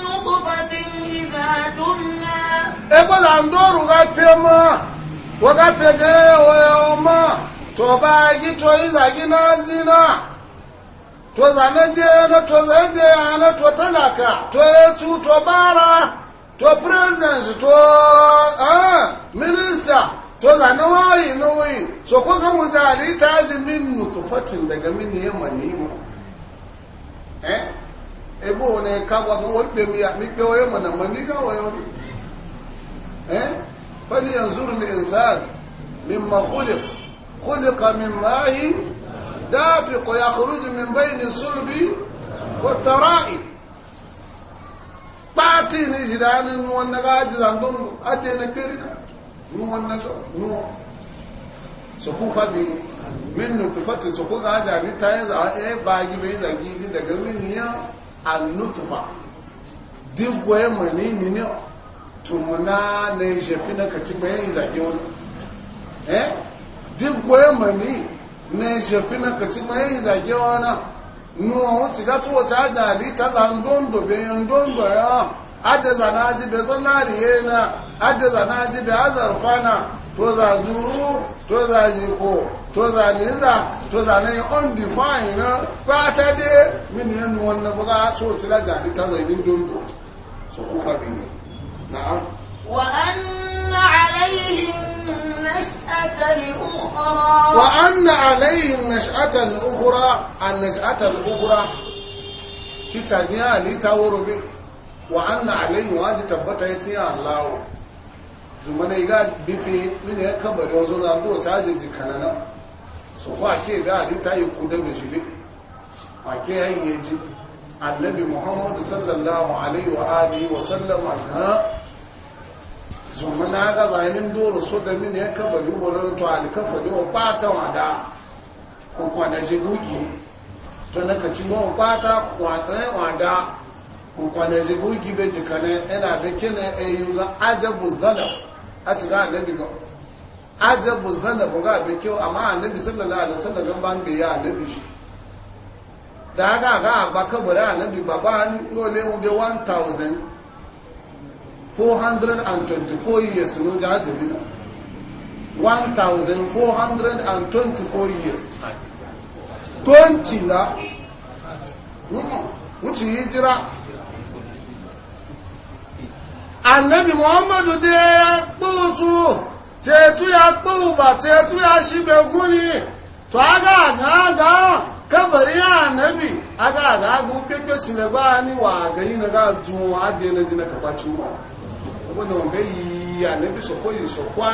نطفه اذا تمنى ابل عندور غاتما وغاتما ويوما توبا جيتو اذا جنا جنا to zanen da na to zanen da na to talaka to ya to bara to president to ah minister to zanen wayi na wayi so ko kan wuta ali ta zimin daga min ne mani eh ebo ne kagwa kan wani mi ya mi pe waye mana mani ga waye eh fali yanzuru al insan mimma khuliq khuliqa min ma'in دافق يخرج من بين الصلب والترائب باتي نجران وانا غاجز عندهم ادينا بيركا وانا نو سكوفا بيني min nutufatin su kuka haja ni ta yi za a bagi mai zagi ji daga min ya a nutufa duk ni ne na wani eh duk waye mani ne shafi na kaci mai zage wana nuwa wuce ga tuwa ta dari ta zan dondo bayan dondo ya adda zana ji be zanariye na adda zana ji be azarfana to za zuru to za jiko to za niza to za na undefined na ba ta de min yan wannan ba so tila dari ta zai dondo so ku fabi na'am وأن عليه النشأة الأخرى وأن عليه النشأة الأخرى النشأة الأخرى تتجيها لتوربي وأن عليه واجب تبتيتها الله zumana iga bifi mini ya kaba da wazo na ndo ta je kanana so ko ake ga ali ta yi ku da bishi ake yayin yaji annabi muhammad sallallahu alaihi wa sallam zuma na ga zainin doro so da mini ya kaba dubarin to alkafa da bata wada ko kwana ji buki to na kaci ma bata kwana wada eh, ko kwana ji buki be jikane ina be kene ayu eh, ga ajabu zada a ci ga annabi ga ajabu zada ko ga be kyau amma annabi sallallahu alaihi wasallam ban be ya annabi shi da ga ga ba kabura annabi baba ni ngole ude 1000 424 years ló jẹ́ àjẹ́bí náà 1424 years 20 la ń ti yí jíra annabi muhammadu dé gbóòsù tẹ́tú ya gbóòbà tẹ́tú ya ṣíbẹ̀ gún ni tó ágàgàgà kabari ya annabi ágàgàgà gún pẹ́pẹ́ sílẹ̀ bá ní wà gẹ́yìn na gáà jùn adé na jí na kàpàcin sọ̀kọ́ náà bẹ́yì ànẹ́bí sọ̀kọ́ yìí sọ̀kọ́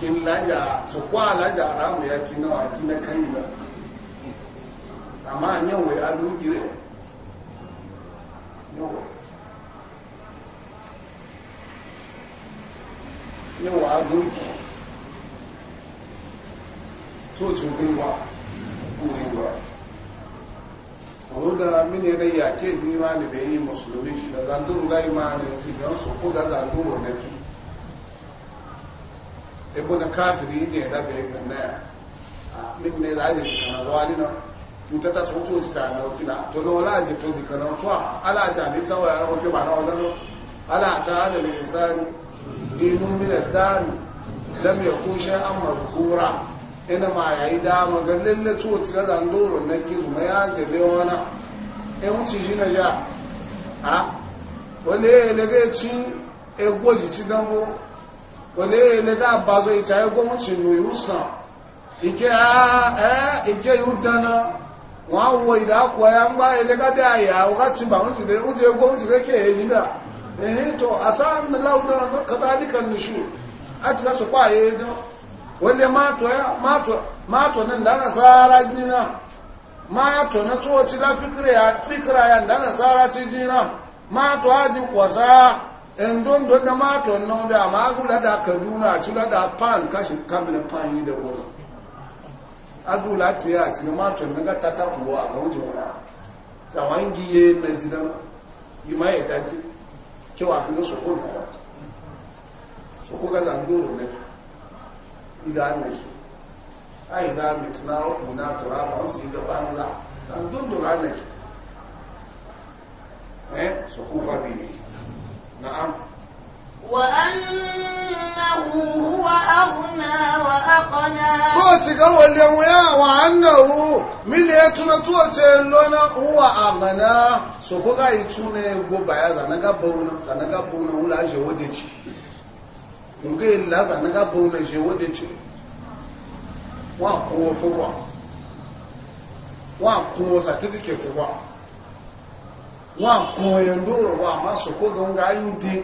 kí n láyà sọ̀kọ́ ya kí náà kí náà kan yìí náà àmọ́ àyẹ̀wò alóògì rẹ̀ yẹ̀wò alóògì tó tún àwọn ga mini na ya ce ti ma ni bai yi da zandun gai ma ne ti gan su da zandun wa na ki e ko na kafiri je da bai ga na ya min ne za ji kana zuwa na ku ta ta tsoto ji sa na kila to no la ji to ji kana ala ta ni ta wa ra ko ba na wa no ala ta da insani dinu min ad-dan lam yakun shay'an mazkura ina ma ya yi dama ga lalle ndọrọ ci gaza ndoro na kizu ma ya gebe wana e wuce shi e e e, na ja a wale ya lega ci egwo ji ci dambo wale ya lega bazo ita egwo wuce no yi usan ike a eh ike yi udana wọn wanda mato ya mato mato nan da nasara jina mato na tsoci da fikira ya fikira ya da nasara ci jina mato haji kwasa in don don da mato nan da ma gula da kaduna ci da da pan kashi kamla pan yi da wuri agula ti ya ci mato na ga tata kuwa ga wuce wura tsawangiye na jidan yi ma ya daji kewa kuma su ko na su ko zangoro ne idan ne shi a yi da mitina ina tura ba wasu gida ba nza don dundun ana eh, ne na'am wa annahu huwa aghna wa aqna to ci ga wali wa annahu min ya tuna to ce huwa amana so ko ga yi tune go baya zanaga bauna zanaga bauna wala wode ci ngere laza na gabo na je wode chi wa ko fowa wa wa ko certificate wa wa ko yendoro wa ma so ko ga nga yudi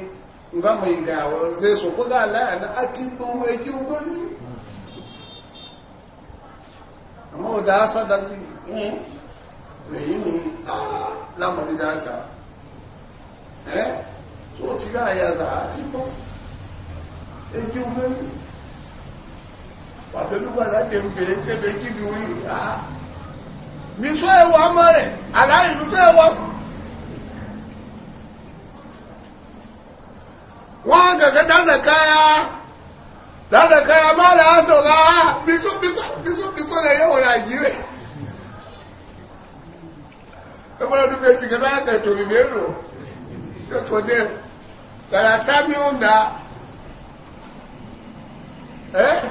nga mai ga wa ze so ko ga la na ati bo we ju go amma da sa da eh we ni la ma bi za cha eh so ti ga ya za ati bo eki umeni wàbẹ̀lúgbà láti ẹ̀mùbẹ̀lẹ̀ tí ẹbẹ̀ kí ni wọ́n yìí àá mi sọ ẹwà ọmọ rẹ̀ aláìlú tó ẹwà wọ́n gẹ̀gẹ́ dázẹ̀káyá dázẹ̀káyá má lè aṣọ láá bísọ bísọ bísọ bísọ lè yẹ wọ̀rọ̀ àjírí ẹgbọ́n ọdún bẹ́ẹ̀ ti gẹ́sà kẹtò mi mẹ́rù tó tó dé tàràtà mi ń dáa eh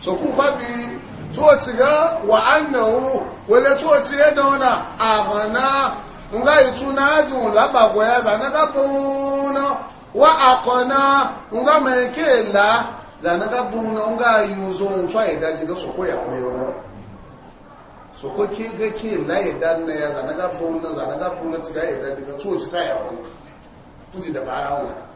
so ku fabi tuwaci ga wa o wale tuwaci ya da wana amana nga yi suna ajin ya zane wa akona nga mai kela zane gabuna nga yi zo e ga soko ya kuma soko ke ya danna e ya zane gabuna ti gabuna tiga ga tuwaci ya kuma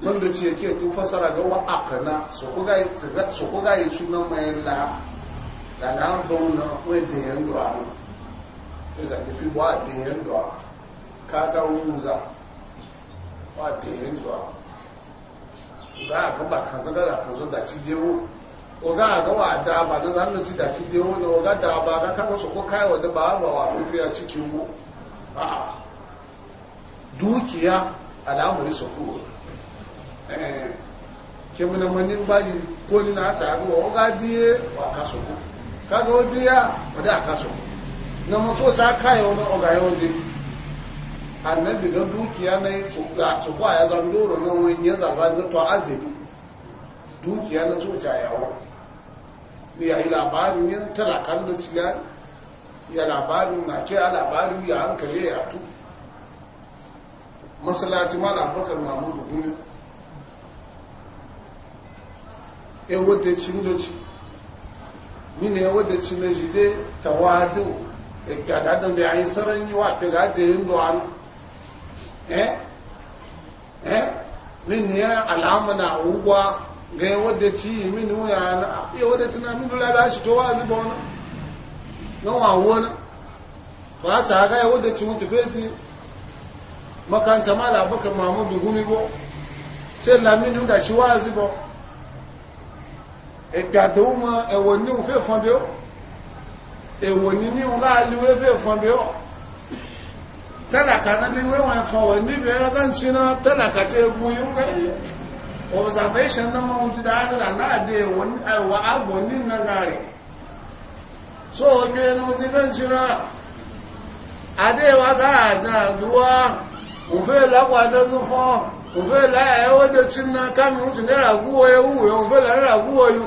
man da ce ke tu fasara ga wa akana su kuga yi suna mai la da na bon na we de yando a is that if wa da yan a ka ga unza wa da yan a ga ga ba ka zaga da ka zo da ci dewo o ga ga wa da ba da zan ci da ci dewo ne o ga da ba ga ka so ko kai wa da ba ba wa rufi a cikin mu a dukiya al'amuri su kuma kemuna na gbaji ko ni na ta agu o ga die wa kaso ko ka go dia o da kaso na mo to ta kai o no ga yo di annabi ga dukiya na su ga ya za ndoro no won ya zaza za to aje dukiya na to ta ya ila bari nye tala kan da ya ya labarin na ke a labarin ya hankali ya tu masalaci ma labakar mamudu gumi ewo da ci mu ci mini ewo ci na ji dai tawadu e ga da da bai ayi saran yi wa ga da yin an eh eh mini ya alama na ugwa ga ewo da ci mini ya na ewo da ci na mini la ba shi to wa zuba wona na wa wona to a ta ga ewo da ci mu tafeti makanta mala bakar mamudu gumi bo sai lamini ga shi wa zuba ìgbàdó mọ ẹ̀wọ̀ ní òun fẹ́ fọ́n bí ó ẹ̀wọ̀ ní òun láàlúwé fẹ́ fọ́n bí ó tẹ́làkà náà níwé wọn fọ́n wọ̀ níbi ẹ̀rọ́gán tí náà tẹ́làkà tí egun yóò gbé observation náà mọ́ ojú dáadáa náà dé ẹ̀wọ̀ àgbọ̀ ní nàgàrí so ojú ẹnu ti gán tí náà adéwà dáadáa àdúwà òfin lápàdé tó fọ́n òfin láyà ẹwọ́dẹ̀ tí náà kámi ó ti náírà gúwọ́ ewu òfin láyà gúwọ́ yìí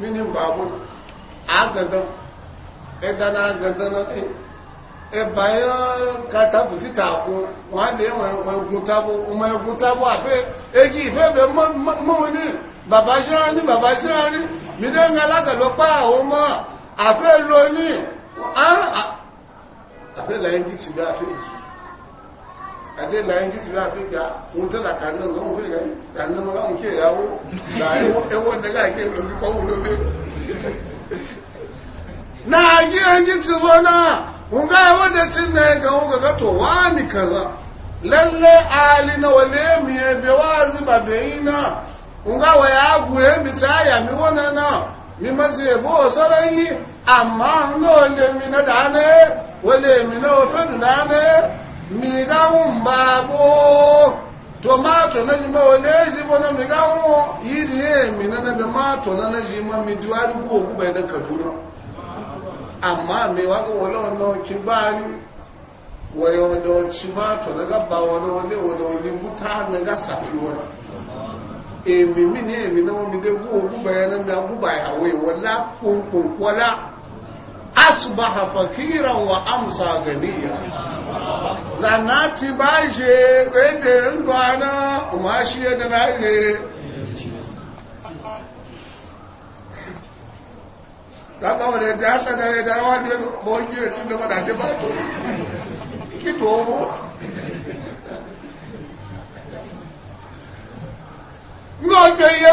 mini babur agadan ẹdana agadan na ẹ ẹba yẹn kata fìtí taako wọn alẹ wọn egun tabo wọn egun tabo àfẹ egi ìfẹ bẹ mọ ní baba ṣẹlẹ ní baba ṣẹlẹ ní mídé ń alágàlọ pa àwọn ọmọ àfẹ lóní àfẹ làyẹn kìtì àfẹ yìí. kaje layin gisi na afirka mun tana kanin ga mun fi gani kanin ma mun ke yawo da ai wanda ga ke lobi fa wu lobi na ji an ji tsona mun ga wanda cin ne ga mun ga to wani kaza lalle ali na wale mi e be wazi ba be na. mun ga wa ya gu mi ta ya mi wona na mi ma je bo saran yi amma ngo le mi na da wale mi na ofe da ne migawun babo tomato na jima wale ji bono migawun yiri ne mina na na tomato na na jima mi duwari ko ogu bai da kaduna amma me waka wale wani kibari wayo da wacce mato na gaba wani wani wani wani buta na ga safi wani e emi mini emi na wani da gugu bayanan da gugu ya wai wala kunkunkula asbaha fakiran wa amsa ganiya zanati baje zete ndwana umashi yadda na ye daga wadda ta hasa dare da rawa ne bawon gina cin gaba da ta bato kito mu ngọ́ gbé iye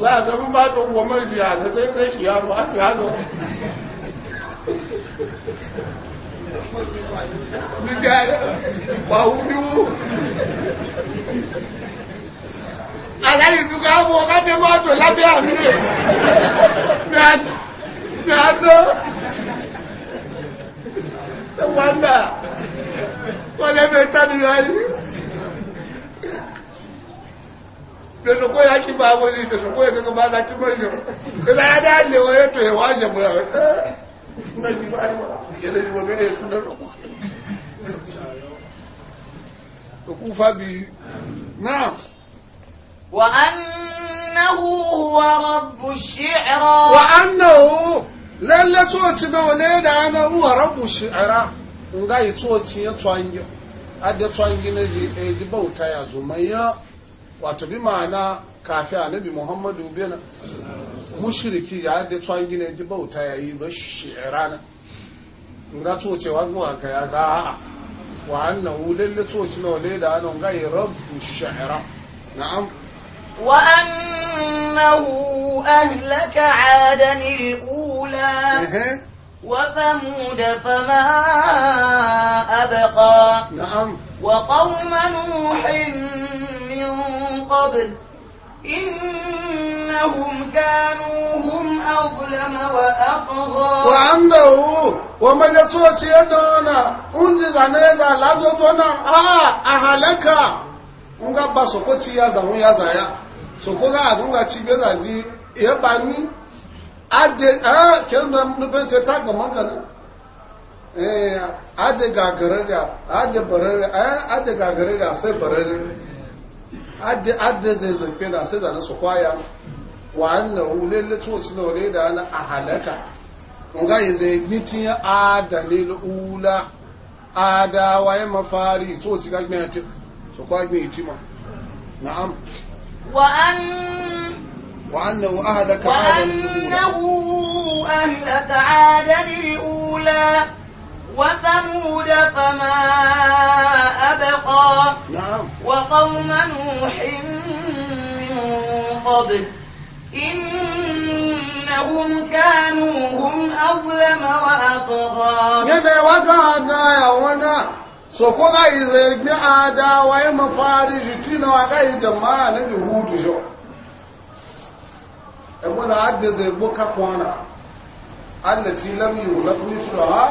za a zama ba ta uwa mafi a ga sai kai kiyama a ci hazo ni gare ba hudu aláyé tó ká mọ́ ká tẹ́ mọ́tò lábẹ́ àmì rẹ̀ ní àtọ́ wọ́n náà wọ́n lẹ́fẹ̀ẹ́ tánìyàn rí da su koya ki ba wani da su koya ba na ci mai yau ka za da ne wa ya waje mu na na ji ba ya da ji ba gare su da kufa na wa annahu rabbu shi'ra wa annahu lalle tsoci da wale da ana huwa rabbu shi'ra nga yi tsoci ya tsoangi a da tsoangi na e ji bauta ya zo ya wato bi ma'ana kafi annabi muhammadu bena mushiriki ya da tsohon gina ji bauta ya yi ba shi'irana nga tsoce wa zuwa ka ya ga a'a wa annahu lalle tsoci na wale da anan ga rabbu shi'ira na'am wa annahu ahlaka adan al-ula وثمود فما أبقى نعم وقوم نوح من قبل إنهم كانوا هم أظلم وأطغى وعنده أنجز عنيزا آه ba soko ti ya za ya za ya soko ga agun ga ti beza ji e ba ni ade ah ken da nu ben se ta ga eh ade ga garare ade barare eh ade ga barare adda zai zafi na sai zane su kwaya wa annahu lalle tsoci na wale da na a halaka nga yi zai mitin ya adalil ula adawa ya mafari tsoci ga gbin ati su kwa gbin iti ma na'am wa an wa annahu ahlaka adalil ula وثمود فما أبقى نعم وقوم نوح من قبل إنهم كانوا هم أظلم وأطغى يدا وقعدا يا ونا soko ga ize gbe ada wa ya mafari jitu na wa ga ije ma na bi hutu jo e mo na adze ze boka kwana allati lam yulak mithluha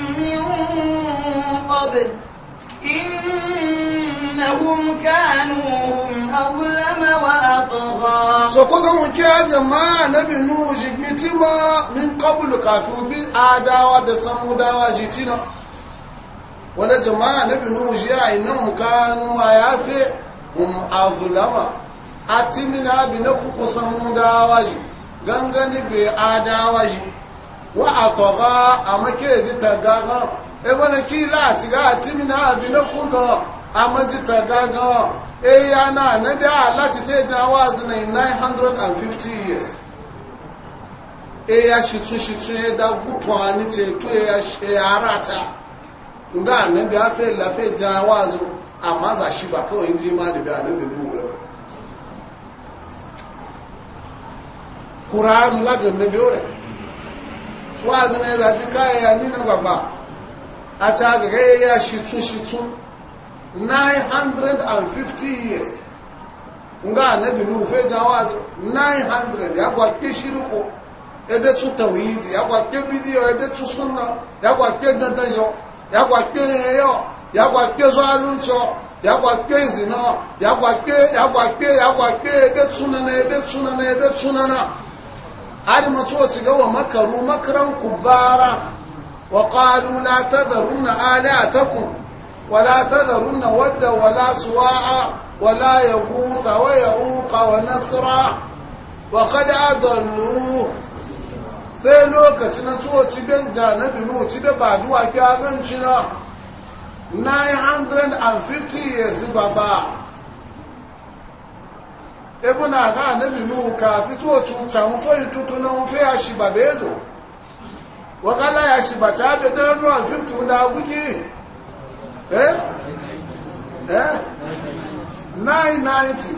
قبل إنهم كانوا هم أظلم وأطغى jama'a na binu نبي نوح min من kafin كافو في da دسمو داوة جتنا wani jama'a na binu shi a inan kanu a yafe azulama a timina bi na kuku samu dawa shi gangani bai adawa shi wa a toga a makere ta gaga ebona kila atiga atimi na abino kugo amaji tagago eya na nabi Allah ti ce da wazi na 950 years eya shitu shitu e da gutwa ni ce to eya sharata nga nabi afe la fe da wazi amma za shi ba ma da bi annabi buga Quran lagan nabi ore wazi na kaya ni na baba a ta shitsu ya shitu shitu 950 years nga anabi nu fe jawazi 900 ya gwa pe shiruko ebe tu tawhid ya gwa pe bidiyo ebe tu sunna ya gwa pe dandan yo ya gwa pe yo ya gwa pe zo aluncho ya gwa pe zina ya gwa pe ya gwa pe ya gwa pe ebe tunana ebe tunana ebe tunana ari mo tu wa makaru makaran kubara وقالوا لا تذرن آلاتكم ولا تذرن ودا ولا سواعا ولا يغوث ويعوق ونسرا وقد أضلوا sai lokacin na coci ben da na binuci da ba duwa gyaranci na 950 years baba ebuna ga na binu ka fi coci can foyi tutunan fiya shi wakala ya shi ba ta abin don ruwan 50 da gugi eh eh 990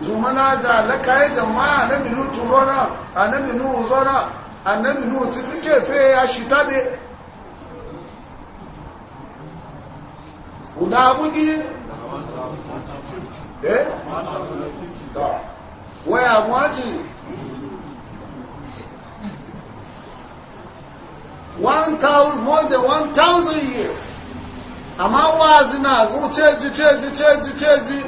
zumana ja lakai jama'a annabi nu turona annabi nu uzona annabi nu tifike fe ya shi tabe kuna gugi eh waya mwaji thousand more than 1,000 years amma wazi na guceji ceji ceji ceji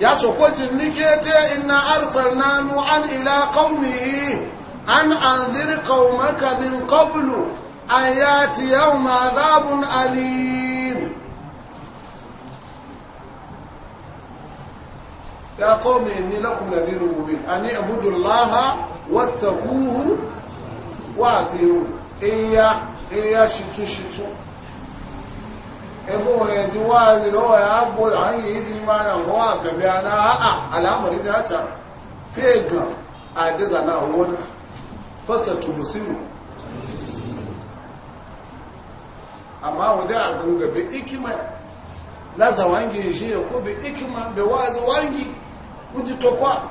ya sokojin nikete inna arsalna nu'an ila qaumihi an anzir qaumaka min qablu an yati yawma adhabun alim ya qaumi inni lakum nadhirun mubin ani abudu allaha wattaquhu wa ati'un iya iya shitu shitu ebe wani ji wazi gawa ya abu da hanyar yi dimana ruwa ga biya na a'a al'amari da ta fega a diza na wani fasa tumusiru amma wadda a ganga bi ikima laza wangi shi ya ko bi ikima bi wazi wangi kuji tokwa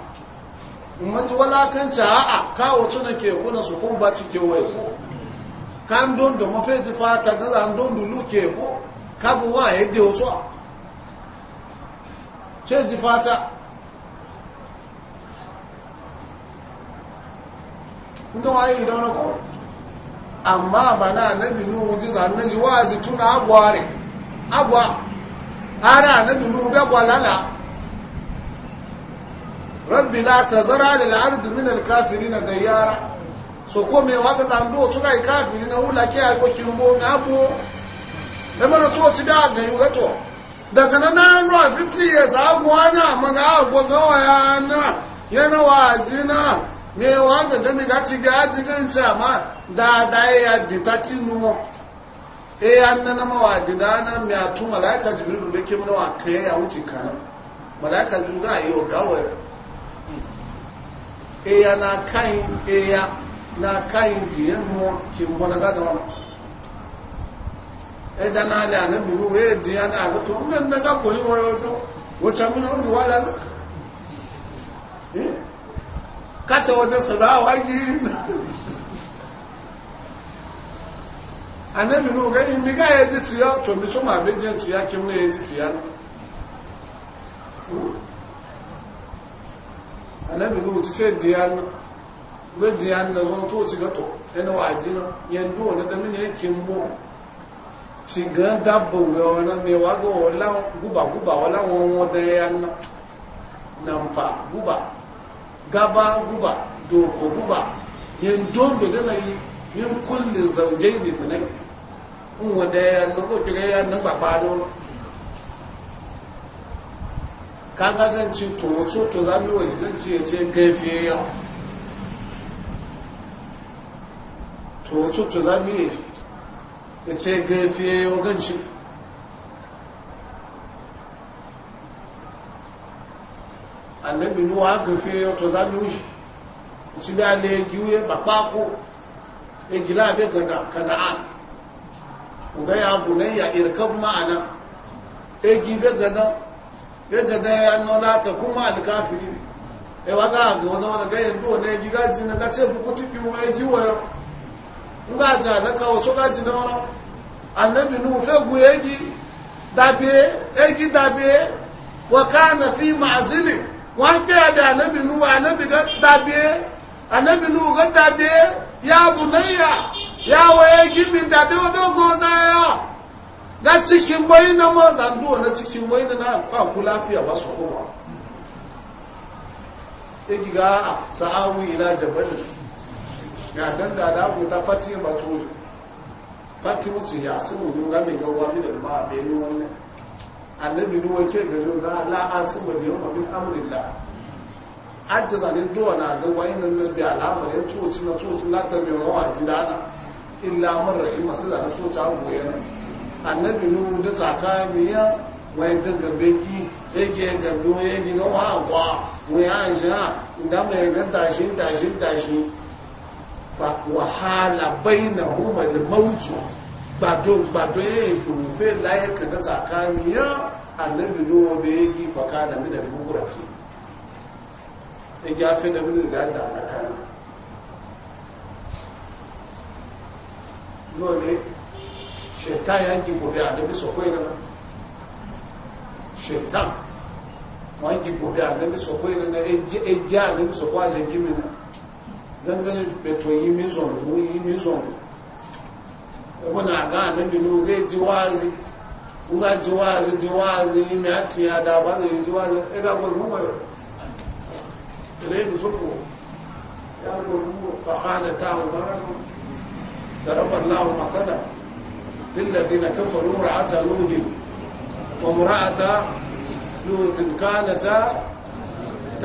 umarji walakanci a'a kawo tunan ke kuna su kurba cikin wai ko kan dondo mo fata gaza an dondo luke ko ka bu wa e de oso se ti fata ndo wa yi dono ko amma bana annabi nu ji zan ji wazi tuna agware agwa ara annabi nu be gwalala rabbi la tazara lil ardi min al kafirin dayara soko mai waka do tsuka yi kafiri na hula ke ko kimbo na bu na mana tso ci da ga to daga na nan ruwa 50 years agwa ma ga go gawa ya na yana waji na mai waka da ga ci ga aji sa ma da da ya di ta nu numo e an na na mawaji da na me atu malaika jibril da ke na wa kai ya wuce kana malaika jibril ga yi o gawa e ya na kan e ya na kayin tiyan mo ki mo e da na e la na bilu we na ga to na ga wa yo wo cha ka cha sada wa na nu ga ni ga ti to mi so ma be je ti nu ti se diya na mejin ya na zo to ci gato ina waji na yan do na da mini yake mo ci ga dabbo yo na me wa go wala guba guba wala won won da ya na guba gaba guba doko guba yan don do da nayi min kulli zawjayn ithnay un wada ya na ko kire ya na baba do kaga ganci to to to zami wajen ganci ya ce yau to wacce to za mu yi ya ce gafiye yau ganci annabi nuwa gafiye yau to za mu yi ci bí a lè ya pàpákó egilá abẹ́ kana'an ga ya bù ní ya irkan ma'ana egi bẹ́ gada bẹ́ gada ya nuna ta kuma alkafiri ya waga ga wani wani gayen dole egi gaji na ce bukutu biyu ma egi wayo nga ja na kawo so ga jina ona annabi nu fe gu egi dabe egi dabe wa kana fi ma'zili wa pe ada annabi nu annabi ga dabe annabi nu ga dabe ya na ya wa egi min dabe wa dogo na ya ga cikin boyi na ma da duwa na cikin boyi na ba ku lafiya ba su kuma egi ga sa'awi ila jabalin ya danda da na ta fati ba tuli fati mutu ya asimu mu ga mai gawa min da ba bai ni wannan annabi ne wake ga zo ga la asimu bi yawma min amrillah adda zane duwa na ga wayin nan bi alamar ya cuci na cuci la ta bi rawa jidana illa man rahima sai da so ta yana annabi ne da tsakani ya wayin gangabe ki yake e gamdo yake ga wa wa mu ya ja da mai ga dashin dashin dashin wahala baina humar mautu gbadon gbado ya yi rufe laye ka ga tsakaniyar annabi nuwa bai yi faka da mina da mugurafi ya gyafe da mina za ta alakari lole shetan ya yi gobe annabi sokwai na shetan wọ́n yí gobe annabi sokwai na ya gya annabi sokwai a zai gimina dangane da yi min mizon mu yi mizon ebo na ga anabi nu ge jiwazi nga jiwazi jiwazi ime ati ya da ji wazi e ga ko mu yo tele mu soko ya ko mu fa khana ta da wa baraka daraba allah mathala lil ladina kafaru ra'ata nuh wa mura'ata lut ta.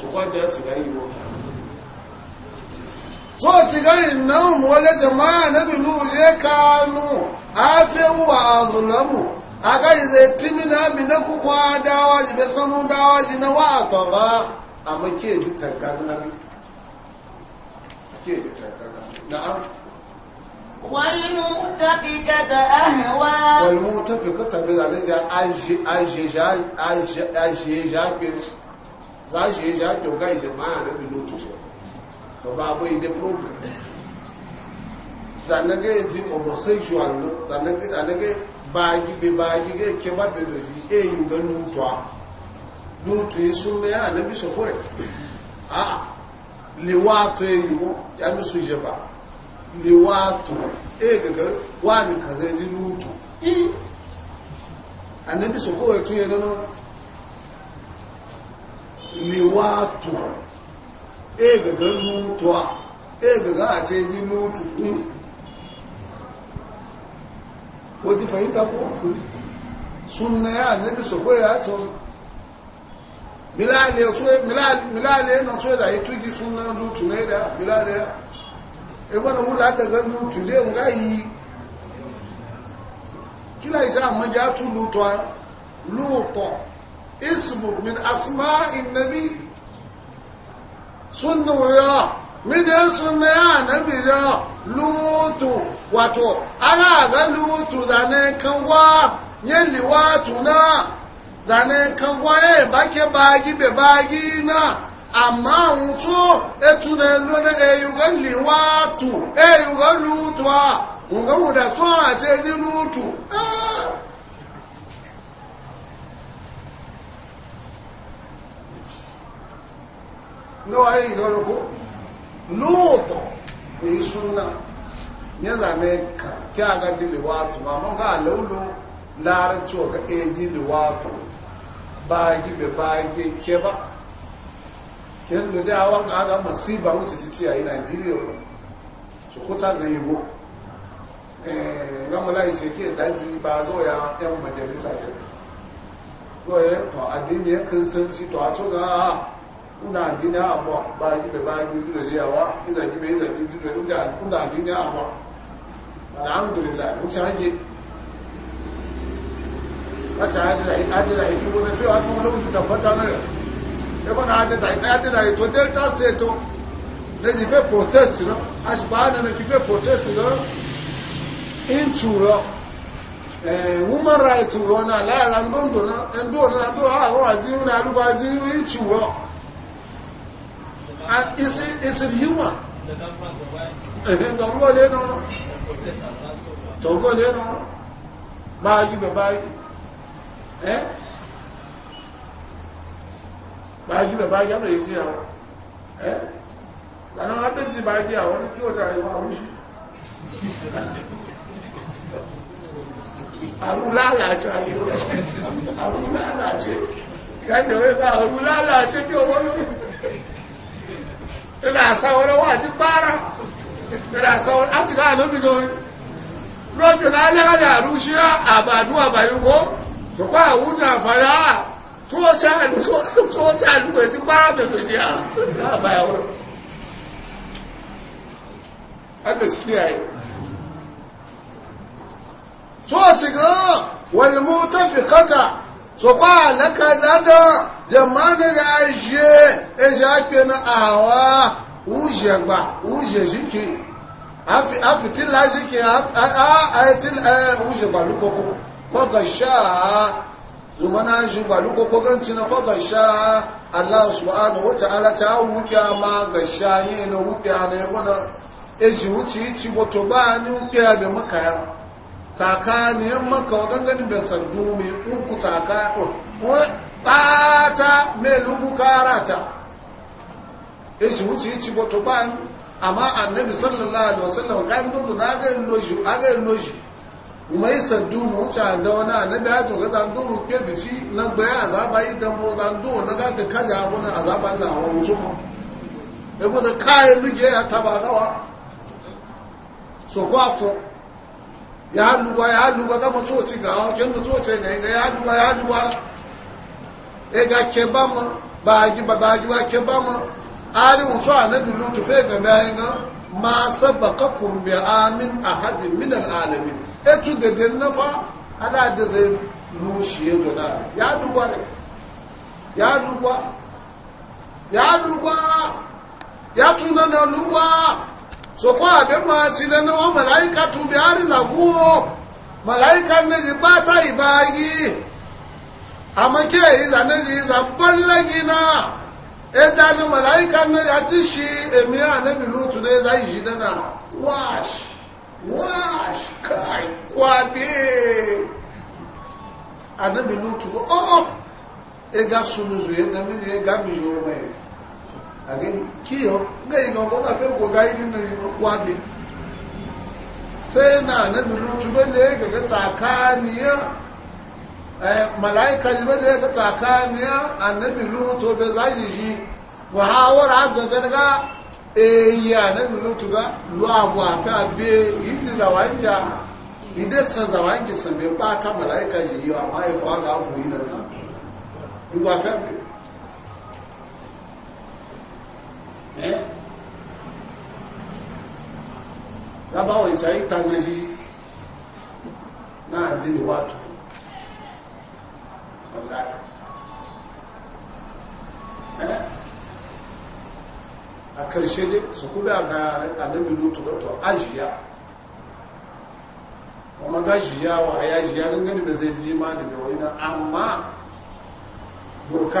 tukwaja ci ga yiwo to ci ga innahum wala jama'a nabi nu ya kanu afi wa azlamu aga ize timina bi na ku kwa dawa ji be sanu dawa ji na wa to ba amma ke ji za shi ya shaƙi ga jama'a na bilotu to ba bai da problem zanen ga yanzu homosexual no zanen ga baagi be baagi ga ke ba be dozi e yu ga nutwa nutu isu me ya na bi so ko sokore a liwato e yu ya mi suje ba liwato e ga ga wa ni kaze di nutu i anabi sokore tun yana no liwatu e gaga lutuwa e gaga a ce ji lutu kun wadda fahimta ko sunna ya annabi sokwe ya ce milale na so da ya tugi sunna lutu ne da milale ya ebe na wula daga lutu ne nga yi kila isa amma ja tu lutuwa lutuwa ismu min asma'in nabi sunna ya min sunna ya nabi ya lutu wato ana ga lutu zane kan gwa yelli watu na zane kan gwa e bake bagi be bagi na amma mutu etuna lona e yugalli watu e yugallu twa unga muda so a ce lutu ah nga waye ilono ko luto yi suna ya zame ka kya ga diliwatu ma mun ga laulo larabci ga e diliwatu ba gibe ke ga masiba mun ci ci a Nigeria so ko ta ga yibo ke daji ba ya yan majalisa ne go ya to addini ya si to a ah, kuna dini amma ba ki da ba ki zuwa da yawa iza ki bai zabi zuwa inda kuna dini amma alhamdulillah mun sage kace hadira hadira ki mun fi wa kuma mun tabbata na ya bana e hadira hadira to delta state to ne ji fe protest no asbana ne ki fe protest no in churo eh woman right to rona la la ndo ndo na ndo na ndo ha wa ji na ru ba ji in churo And it's, it's human. The conference of why? Don't go there, no, no. Don't go there, no, no. Báyìí bẹ̀ báyìí. Ẹ́ báyìí bẹ̀ báyìí jábọ̀ èyí tí àwọn. Ẹ́ lànà wá bẹ́ẹ̀ tí báyìí àwọn ní kí ó tàà ìwà oríṣi. Àrùlá àlàjọ ayé rẹ̀. Àrùlá àlàjọ. Kẹ́ni òwe ká àrùlá àlàjọ kí owó lórí ìrà àsáwọ̀rọ̀ wà ti pààrà ìrà àsáwọ̀rọ̀ láti láà lóbi lórí lóbi lálẹ́rẹ́ àrúṣí àbàdú àbàyíwó tọ́pá àwújọ àfàrí àà tó ọ̀chá àlùkò ti pààrà bẹ̀fẹ̀ sí àbàyàwó tó ọ̀sìn gan wọ̀nyí mú tó fi kọ́ta sofa laka dada jamani ga ṣe ẹṣẹ́ ake na àwa ujẹgba ujẹ ṣíkì ujẹgba lukoko fọ́gàṣá zumana ṣùgbà lukoko ganci na fọ́gàṣá allah subhanahu wa ta'ala ta wuke ma gasha ne na wuke na yabo na eji wuce ba ni da makaya tsakaniyar maka wadanganin da sandu mai uku tsaka ɓata mai lugu karata ya wuce ya ci wato bayan amma annabi sallallahu alaihi wasallam kayan dubu na agayin loji agayin loji mai yi sandu mai wuce da wani annabi ya joga zanduru ke bici na gbaya a zaba yi damo zanduru na gaga kaja abuna a zaba na hawa mutum ebe da kayan lugu ya taba gawa so ko ya luba ya luba ga matsoci ga wajen matsoci ne ga ya luba ya luba e ga ke ba ma ba gi ba ba gi ke ba ma ari un so anabi lutu fe ga mai ga ma sabaqakum bi amin ahad min al alamin e tu de de nafa ala de ze nushi e jona ya luba ya luba ya luba ya tunana luba sokwa abin ma shi na nawa mala'ika tun e e bi har zaguwo mala'ika na ji ba ta yi bagi a make yi zane ji zaɓar na mala'ika na ya ci shi emira na bilutu ne za wash wash kai kwabe a na bilutu ko oh e ga sunu zuye da miji e agin kiyo ngai ga goma fe ko ga irin na na bilu tubele ga ga tsakaniya eh malaika jibele ga tsakaniya annabi lutu be ga ga ga eh ya annabi lutu ga luwa wa fa be yiti zawanja ide sa zawangi sabe ba ta malaika ji yo yi lábáwọ̀ ìṣẹ́ ìtàgbé ṣíṣí náà dí níwájú ọ̀la a karshe dai su kuma ga annabi lutu da to ajiya kuma gashiya wa ya jiya gani da zai ji ma da ina amma burka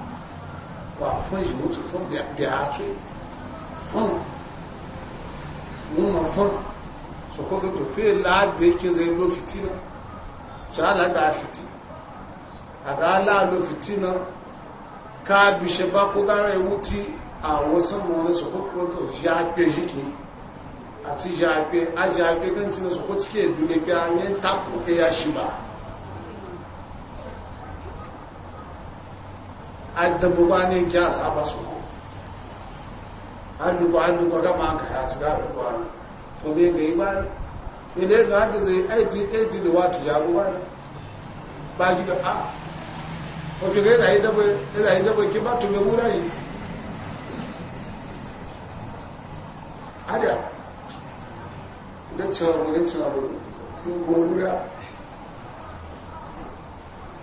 wà fún ìwòtò fún bíàtú fún múnà fún sọkọ́gbé tó fẹ́ láàgbé kéze ló fìtí náà ṣáàlá dá fìtí ka ló fìtí náà káàbì ṣe bá kó gára ewu tí àwọn sánmọ̀ ní sọkọ́gbé tó yá gbé yìí kì àti yá gbé ajá gbé gẹ́ntì náà sọkọ́ tí kéèdú a ne ayé ń tapò shi ba. adabu ba ne a saba su hannu ba hannu ba gama ka ya ci gaɓi ba to me ga yi ba ne ne ga haka zai aiti aiti da wata jago ba ba gida a wato ga zai daba ya zai daba ki ba tun me wura yi ada da cewa mu da cewa mu sun kuma wura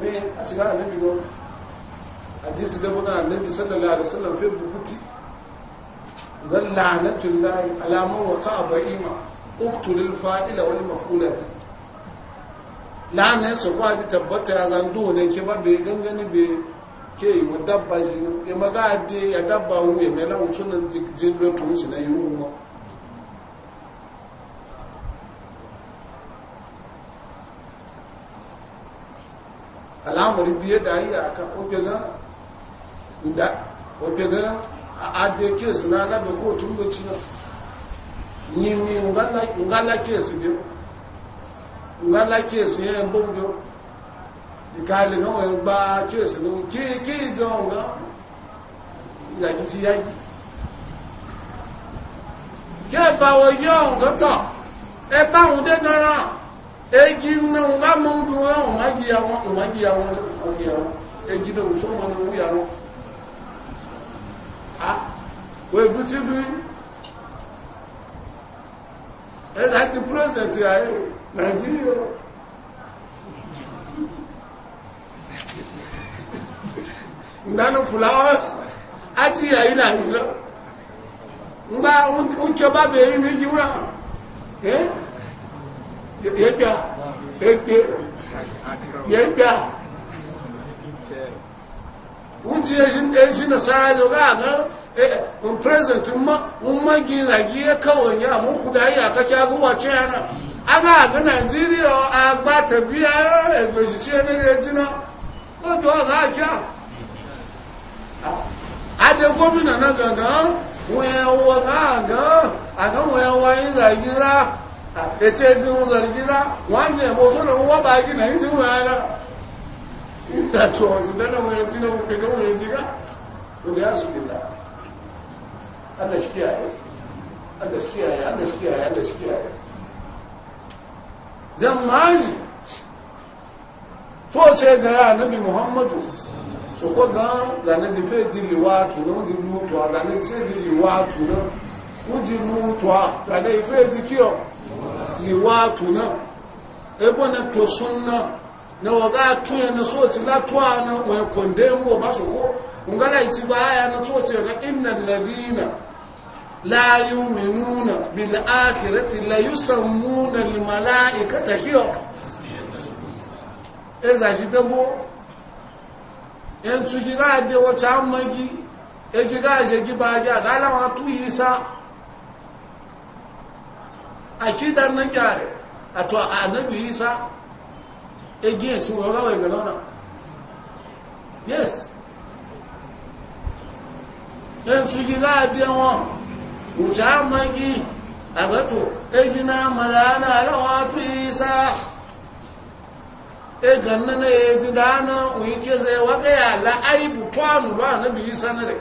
ne eh, a cikin gaɓi na hadisi da muna annabi sallallahu alaihi wasallam fi bukuti dan la'natu llahi ala man waqa'a ba'ima uqtul fa'ila wal maf'ula bi la'na su ko ji tabbata ya zan do ne ke ba be gangani be ke yi wa dabba ya ade ya dabba wu ya mela utunan jin do to shi na ma. al'amari biye da yi a kan ofe na inda wadda ga adde kes na labe ko tun ga cina ngala ngala bi ngala kes ye bongo ikale no e ba kes no ki ki donga ya ki ti ya ki ke ba wo yo ngoto e ba un de dara egi no nga mo du o ma ji ya won ma ya won o ya won egi no so mo no ya won wọ́n èdú tí dúí ẹ̀sà ti pírọ́sẹ̀tì ayé nàìjíríà ìdánù fùláwọ́ àti ìyàyí nàìjíríà ngbá oúnjẹ bá bèèrè méjì wọ́n ẹ́ ẹgbẹ́ ẹgbẹ́ ẹgbẹ́ wuce shi e nasara yau ga ga in present umargi zagi ya kawon ya muku da yi aka kya guwa ce yana aga ga nigeria a gba tabiya ya e nere jina oge ọ ga kya ade gomina na ganga wuyanwa ga ga a ga wuyanwa yi zagi ra ece din zargi ra wanje mo so na wa ba gi na yi tin wuyanwa itatuwa wanzidana wayanzina kupega to sai ga annabi Muhammadu so ko ga zanen fe diliwa to no dilu to zanen fe diliwa to no udilu to zanen fe dikio e to sunna na waga tuya na soci la tuwa na wai kondemu wa ba su ko ngala iti baya na soci ga innal ladina la yu'minuna bil akhirati la yusammuna al malaikata hiyo eza shi dabo en ki ga de wata amagi e ki ga je gi ba ga ga la wa tu isa akidan nan kyare ato annabi isa again tí wọ́n ráwọ̀ ìgbẹ̀ lọ́nà yes ẹ̀ntùgì láàdí wọn òjá magi àgbẹ̀tò egina mọ̀láánà aláwọ̀ afirisa ẹgbẹ̀ nínú ètì dáná òyíkẹ́ zẹ wákẹ́ yà láàáyí bùtọ́ ànùlọ́ ànábìyí sánà rẹ̀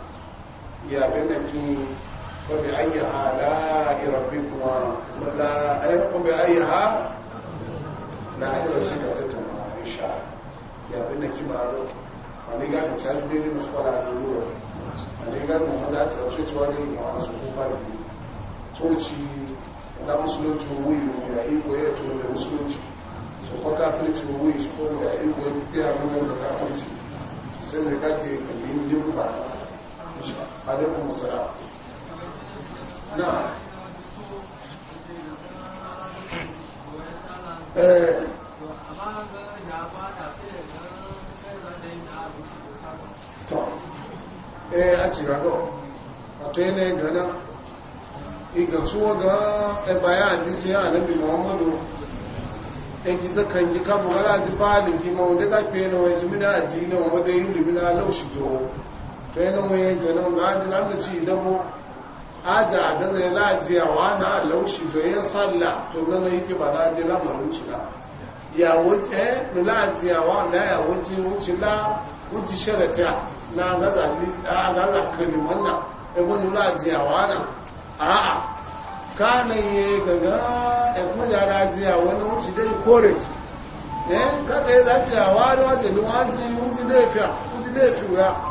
ya bena ki fa bi ayi ala la ay kuma bi ayi ha la ay rabbika tatama sha ya bena ki ba do ani ga ta ta dai mu skwala zuwa ani ga mu hada ta ce ce ne ma su ku fa di toci na musulunci wuyu ya iko koya tuno mai musulunci su kwa kafirci wuyu su ko ya iko ya tuno da kafirci ka ne ka yi ni ne ba عليكم السلام نعم eh to eh a ci gago a gana eh, ga ebaya eh, eh, hadisi ya alabi muhammadu e gizo kan gi kabu wala di fadin gi ma wanda ka pena wa jimina addini wa wanda yi limina laushi to to yana mai ga gaji za mu ci idan mu aja da zai lajiya wa na laushi to yin salla to na na yake ba da di lamarin ci la ya wuce mu na ya wuce wuce la wuce sharata na gaza a gaza na ebo na a'a kana ye gaga ebo ya lajiya wa na wuce dai kore ci eh ya na wajen wajen wuce dai wuce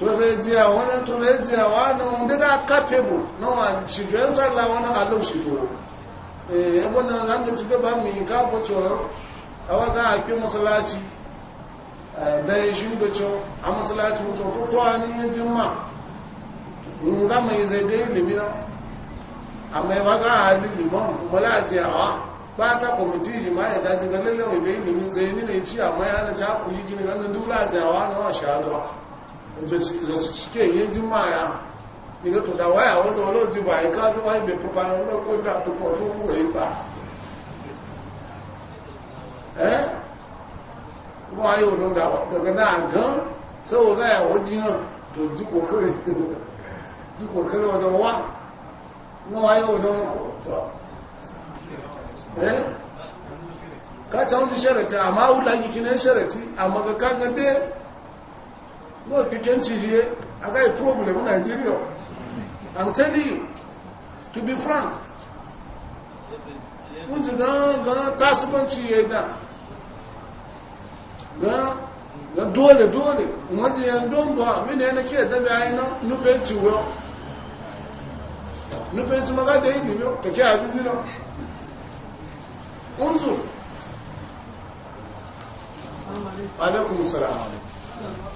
torejia wana torejia wana ndega capable no one situation la wana alu shito eh ebona zande tipe ba mi ka bocho awaga ape masallaci eh, da yin bocho a masallaci mutu to to anin jimma nga mai zai dai limina amma waga ali limon malati awa ba ta komiti committee jima'a da jiga lalle wai bai limin zai ni ne ci amma yana ta kuli gini ganin duk la jawa na wa shadwa ìtòsíkè yìí jí máa ya ìgbé tó dáwà àwọn ọ̀tọ̀ olóòjú ìká ló wá ìgbè púpá olóòkó tó pọ̀ fún òwúrẹ̀ ìgbà ẹ́ wọ́n ayé olóòdà gẹ̀gẹ̀ náà gan sẹ́ òun àyàwó jiyàn tó díkò kéré díkò wá wọ́n ayé olóòdà kò ẹ́ káàtà no pikin cijiye a guy problem in nigeria i'm telling you to be frank mun ji gan gan, tasibanci ya ja ga dole dole wajen yan dongo dondo mini yana ke dabe aina nufanci wuyo nufanci maga da yi nimiyo ta ke azizi na unzur alaikum salam alaikum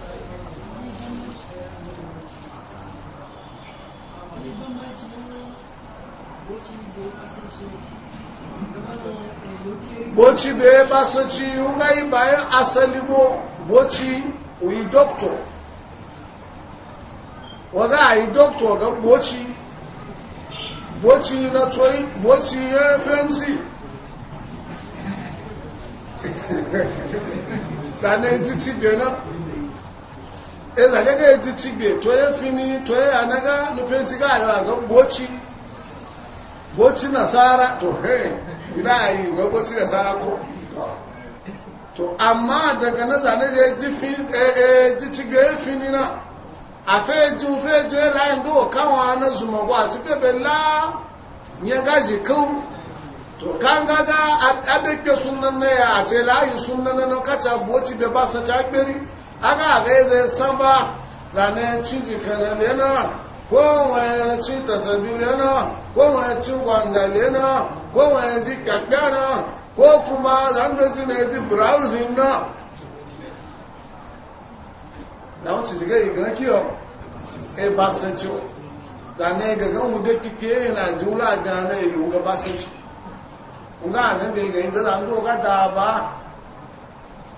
没分开其中呢，Bochi be basanci Bochi be basanci ungai bayan asali mo Bochi uyi doctor oga ayi doctor ga Bochi Bochi na toyi Bochi ya FMC sanan titi be na ezagega ezitigbe toye fini toye anaga nupenzi gayo aga bochi na nasara to he ilayi ga na nasara ko to amma daga na zane je jifi eh e, jitigbe e fini na afeji ufeji elayi ndo kawa na zuma gwa ti bebe la nye gaji kan to ka gaga abepe sunan na ya ati layi sunan na kacha bochi be basa aga ga zai samba ba zane ci jikana lena ko wani ci tasabi lena ko wani ci gwanda lena ko wani ji kakana ko kuma zanda su ne ji browsing na na wuce jiga igana kiyo e basanci zane gaga wuda kike na jula jana yi wuga basanci nga nan bai ga inda zan doga da ba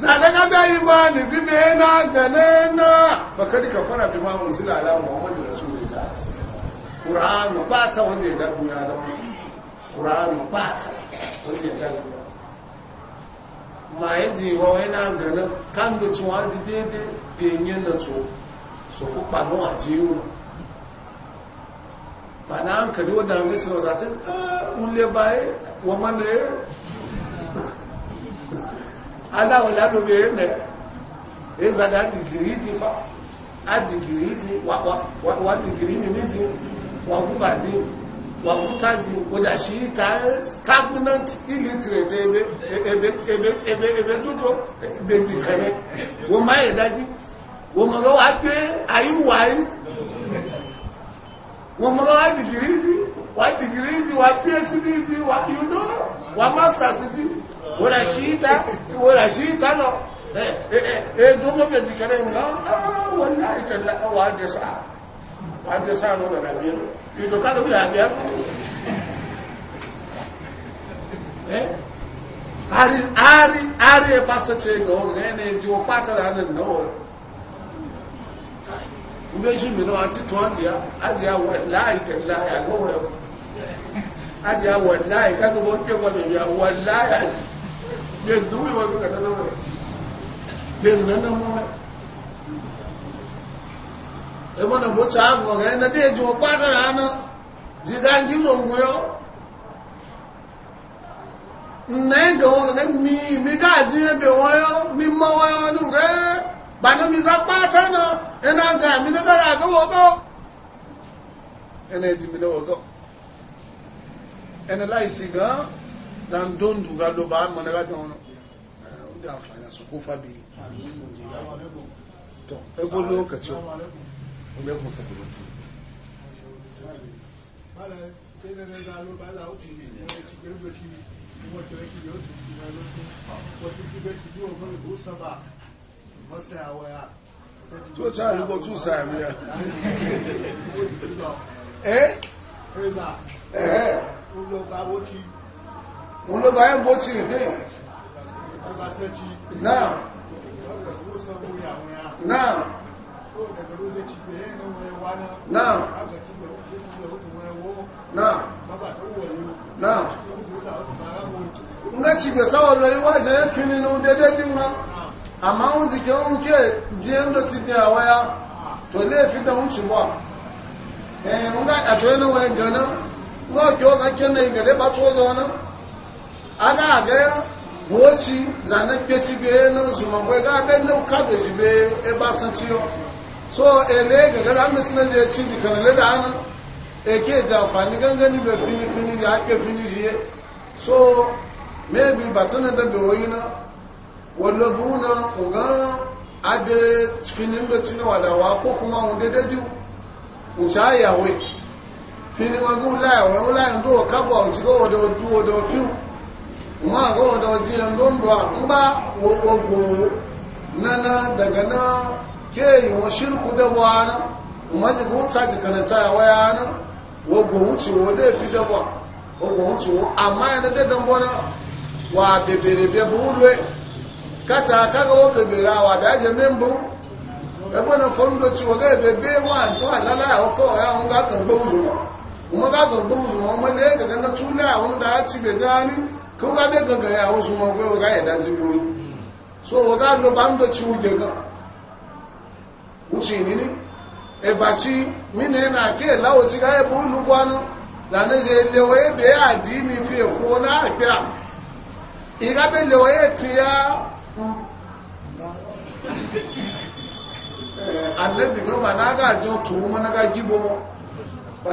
zadaka da imani zibe na gane na ka fara bi ma mun zila ala muhammadu rasulullah qur'an ba ta waje da duniya da qur'an ba ta waje da duniya ma yi wa wai na gane kan da ci wani daidai benye na to so ku panu a jiyo ba na hankali wadda hankali cin wasu a cin ah, ule baye wa mana aláwọ̀ lálóbi èyí nẹ̀ èyí sàdé àdìgìrì di fa àdìgìrì di wà dìgìrì nìmi di wà kúbà di wà kúta di kódà sí ìta stagnant illiterate ebe tútù ebe ti kẹrẹ wọ́n máa yẹ dájú wọ́n mọ̀ lọ́wọ́ pé ayé wáyé wọ́n mọ̀ lọ́wọ́ dìgìrì di wà dìgìrì di wà phd di wà you know wà masters di. wọ́n rà sí ìta wọ́n rà sí ìta lọ dogo bai ji kare ga wallahi talla ah, wa da wa da sa no biyar ni to kaga bi da eh ari ari ari e passa ce ga ne ne ji o pata da nan no ube shi mi no ati to ajiya ajiya wallahi talla ya go ajiya ka kaga bo ke ko be ya bẹ́ẹ̀ tó wíwá gbé kàtà náà rẹ̀ bẹ́ẹ̀ tó náà mú ta àgbọ̀n rẹ̀ ẹ̀nà dé ju ọpá dára ná zidá ń gírò ń gbéyọ́ nna ẹ̀gẹ̀ wọn kẹ̀kẹ́ mi mi mi mi mi mi dan don duga do ba na ga don da amfani su ko fabi to ai go lokaci ne ko sa gudu bala kai ne da lo bala uti ne ci gerbe ci wato yake yo ci na lo wato ci ko ci do ba go saba masa awaya so cha lu go tu sa mi ya eh eh eh on ló bá ẹ́ bó ti rìn dé náà náà nga ci ga sawa lo iwa je fini no dede dinna amma un dike un ke je ndo ti ti ya to le fi da un ci nga a to no we gana ngo jo ga ga de ba na aga ga boci zane peti be na zuma ko ga be na ka be ji be e so ele ga ga mi sin le ti ji kan le dan e ke ja fa ni ganga ni be fini fini ya ke fini ji so maybe batana da be oyina wallo buna na ga ade fini lo na wada wa ko kuma on de de ju o cha ya we fini wa gu la wa la ndo ka bo ti go do du o do fiu kuma ga wadda jiyan london in a, mba na na daga na ke yi wa shirku da wani kuma ji gunta ji ya waya na wago wucewa da ya fi daba wago wucewa amma ya da dadan bona wa bebere bebe ulwe kata kaga bebere wa da ebe e ga bebe wa to alala ya ko ya ga ga ma mun ne ga na tula un da ci kí ó gábé gangan ya oṣù mọ̀ pé ọgá ẹ̀dá ti so ọgá ló bá ń lọ tí ó jẹ gan uchi nini ẹ̀bà tí mínà kí ẹ̀láwọ̀ ti gáyẹ̀ lẹ́wọ̀ ẹ̀bẹ̀ àdí ní fi lẹ́wọ̀ ẹ̀ ti yá na ga jo na ga gibo ba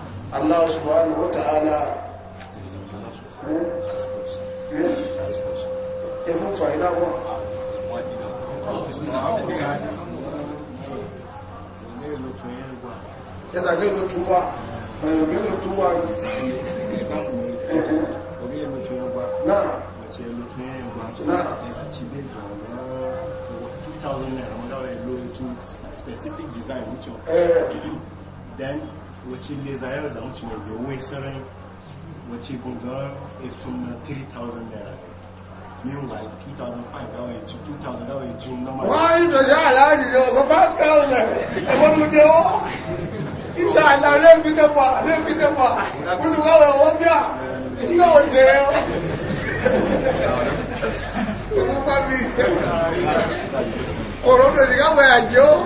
Allah subhanahu wa ta'ala ya eh, eh, eh, fún fàídá zage 2000 naira specific design which of then wacce ne za yau zama ci mai yawai sarai wacce gunga etun na 3,000 naira meanwhile 2,500 dawa yanci 2,000 dawa yanci na mara wani da ya alaji yau ga 5,000 da wani wuce o insha Allah ne fi dafa ne fi dafa kusa kawo ya wabiya ina wace yau Orodo diga bayajo,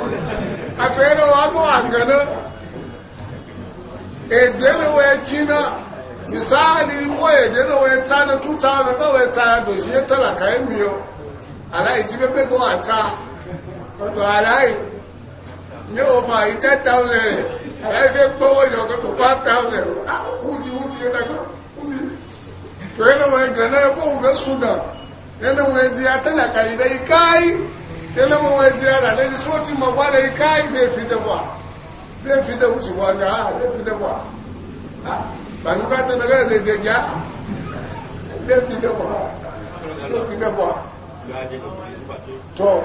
atuero wago angana ejene we kina misali wo ejene we tsana tuta me ka we tsana do shi tala ka emiyo ala ijibe pe go ata odo ala yi ni o fa 10000 alai ife gbo wo yo ko 5000 ah uji uji yo na ko uji to ene we gana ko unga suda ene we ji atala ka ida ikai ene we ji ala le so ti ikai me fi de lè fi dẹ̀wù sí wà gà á lè fi dẹ̀wà bànúkà tẹ̀lé gà lè dẹ̀jà lè fi fi dẹ̀wà. tọ́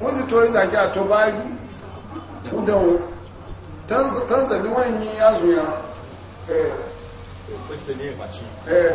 wọ́n ti tó ìzàgé àtọ́ báyìí ó dẹ̀wò tanzali wọ́n yí azù ya ẹ̀ pẹ́sìtẹ̀ ní ẹ̀bàchí ẹ̀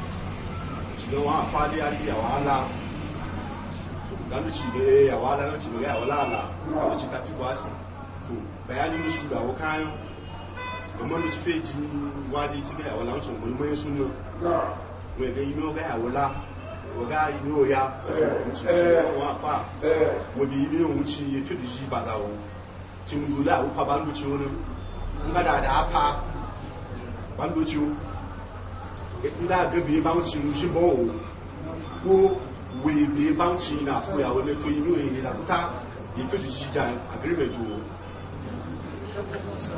don wọn àfáàdé àti yàwó àlá lálùsì lè yàwó àlá lọ́tì lè yàwó láàlá lọ́tì tàti wá sí tó bẹ̀yà ní oṣù ìgbàwó káyọ̀ ọmọ ló ti fẹ́ jí wá sí ti yàwó láwọn tó mọ̀ ní súnmọ́ wọn èdè inú ọgá yàwó lá ọgá inú ọya mu wọn àfá wọ́n bí ba òun ti fèdè sí la òun pa ń dúlé àwọn pàbá lóòtì da nígbàdàdà apá bá lóòtì wọn nga ga bi ba wuci nu shi bo wu we bi ba wuci na ko ya wole to inu yi la kuta di to ji ja agreement wo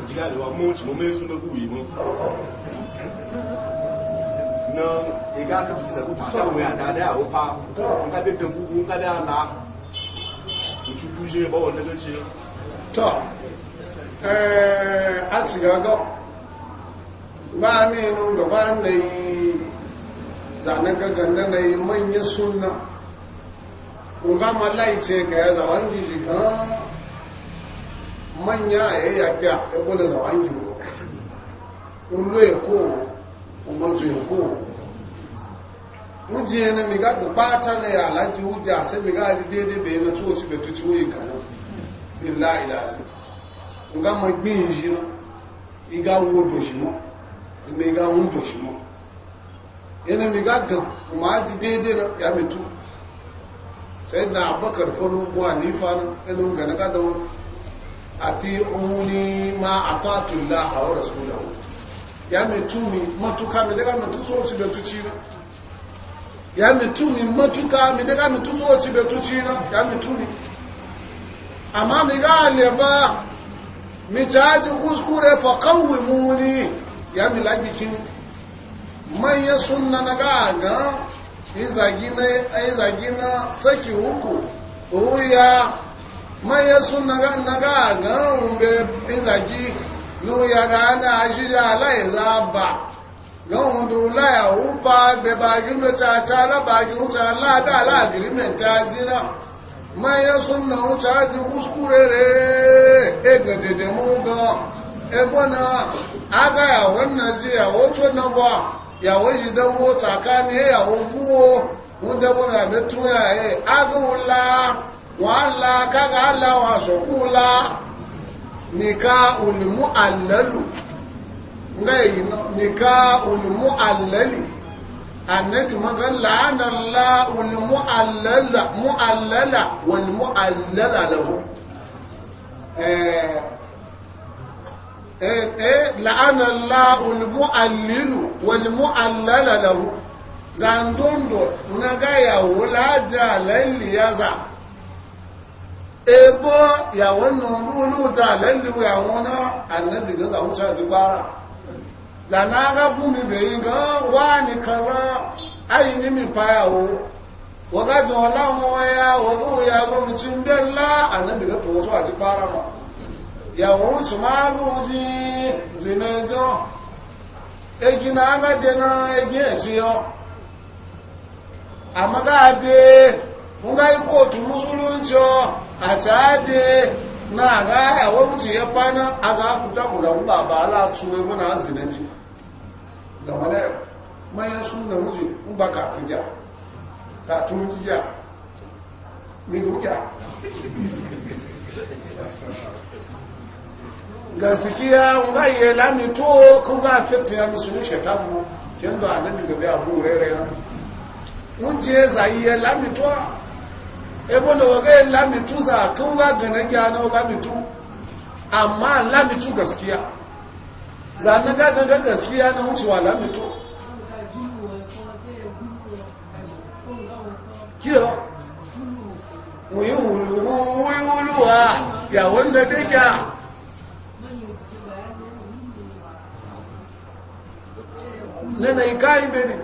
diga le wa mo ti mo me sun ku w'i mo na e ga ka ti sa ku pa ta we ada da o pa nga be de gugu nga da la utu buje ba wole ga ji to eh a ti ga go ba ni nu ga ba ni zanen gaganda na yi manya suna ƙunga malayi ce ga ya zawan gizi ga ah, manya a yi yaƙi a ɗago da zawan gizo ƙunlo ya ko ƙungoto ya ko wuje na miga ga bata na ya alaji wuje a sai miga ji daidai bai na coci bai tuci wuyi kanan illa ilazi ƙunga ma gbin shi na iga wo doshi mo iga wo doshi mo yana mi gaggan ma ji daidai na ya mitu sai na abakar fano buwa nifa na yanin gana gada wani a fi uni ma a tatun da a wa rasula ya mitu mi matuka mi daga mitu so si betu ci na ya mitu mi matuka mi daga mitu so si betu ci na ya mitu mi amma mi ga aleba mi caji kuskure fa kawai muni ya mi lagi kini manyan sunna na gaga izagi na saki uku uya manyan suna na gaga mbe izagi nuya na ana ajiyar alayi zaba gan hundu laya upa gbe bagin da caca na bagin wuce alaga ala agreement ta jina suna sunna wuce aji kuskurere ega dedemu gan ebo na agaya wannan jiya wato na ba yàwó yìí dẹ́gbó tàká ní yàwó fún o wọ́n dẹ́gbó náà lè tún yà ẹ́ agùn la wọ́n á la kága á la wọ́n àṣọkù la nìka olùmú àlẹ́lù ńlẹ́ yìí náà nìka olùmú àlẹ́lì ànẹ́bì mọ́gá làánà ńlá olùmú àlẹ́là mú àlẹ́là wọ́n ni mú àlẹ́là lẹ́wọ́ Eh, eh, la'ana la'ul mu'allilu wal mu'allala lahu zandondo na ga yawo laja lalli ya za ebo ya wannan lulu ta lalli ya wona annabi ga zamu sha ji bara zana ga kuma bai ga wani kaza ai ni mi payawo waga jona wa wago ya go mi cin bella annabi ga to so a ji bara ma yàwó oṣù márùn-ún jí zìnà ẹjọ́ egi na agade na egi ẹ̀ṣì yọ àmọ́gáde ńgá ikú òtù mùsùlùmí ọ àti na àgá yàwó yẹ àgá bàbá aláàtú mi gaskiya nga yi lami to ko ga fitina musulmi shaitan mu kin da annabi gabe abu rere na mun je zai yi lami to e bono ga lami tu za ko ga gana ga na ga mi tu amma lami tu gaskiya za na ga ga gaskiya na wucewa lami to kiyo mu yi hulu huluwa ya wanda dai ya nana ika yi bene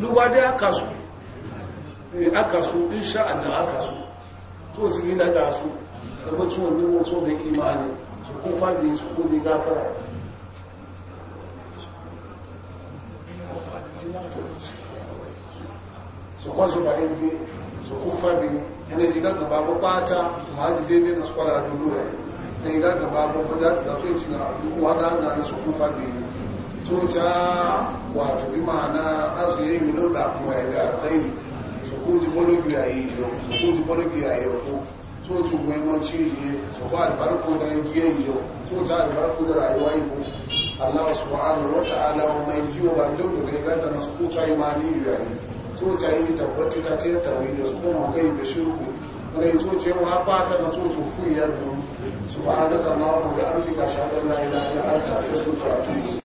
lubade aka su e, aka su insha Allah aka su so su yi na da su da bacci wani wato da imani su ko fadi su ko bi gafara su kwazo ba yin bi su ko fadi yana riga gaba ba bata ma ji daidai da su kwara da lura yana riga gaba ta wato bi ma'ana azu ya yi lauda kuma ya ga alkhairi su koji mologi ya yi jo su koji mologi ya yi ko so ci muhimmanci ne su ko albarku da giyan jo so ta albarku da rayuwa yi ko Allah subhanahu wa ta'ala wa mai jiwa ba duk da ga da su ko ta imani ya yi so ta yi tabbata ta ta tawhid su kuma kai da shirku rai so ce wa fata na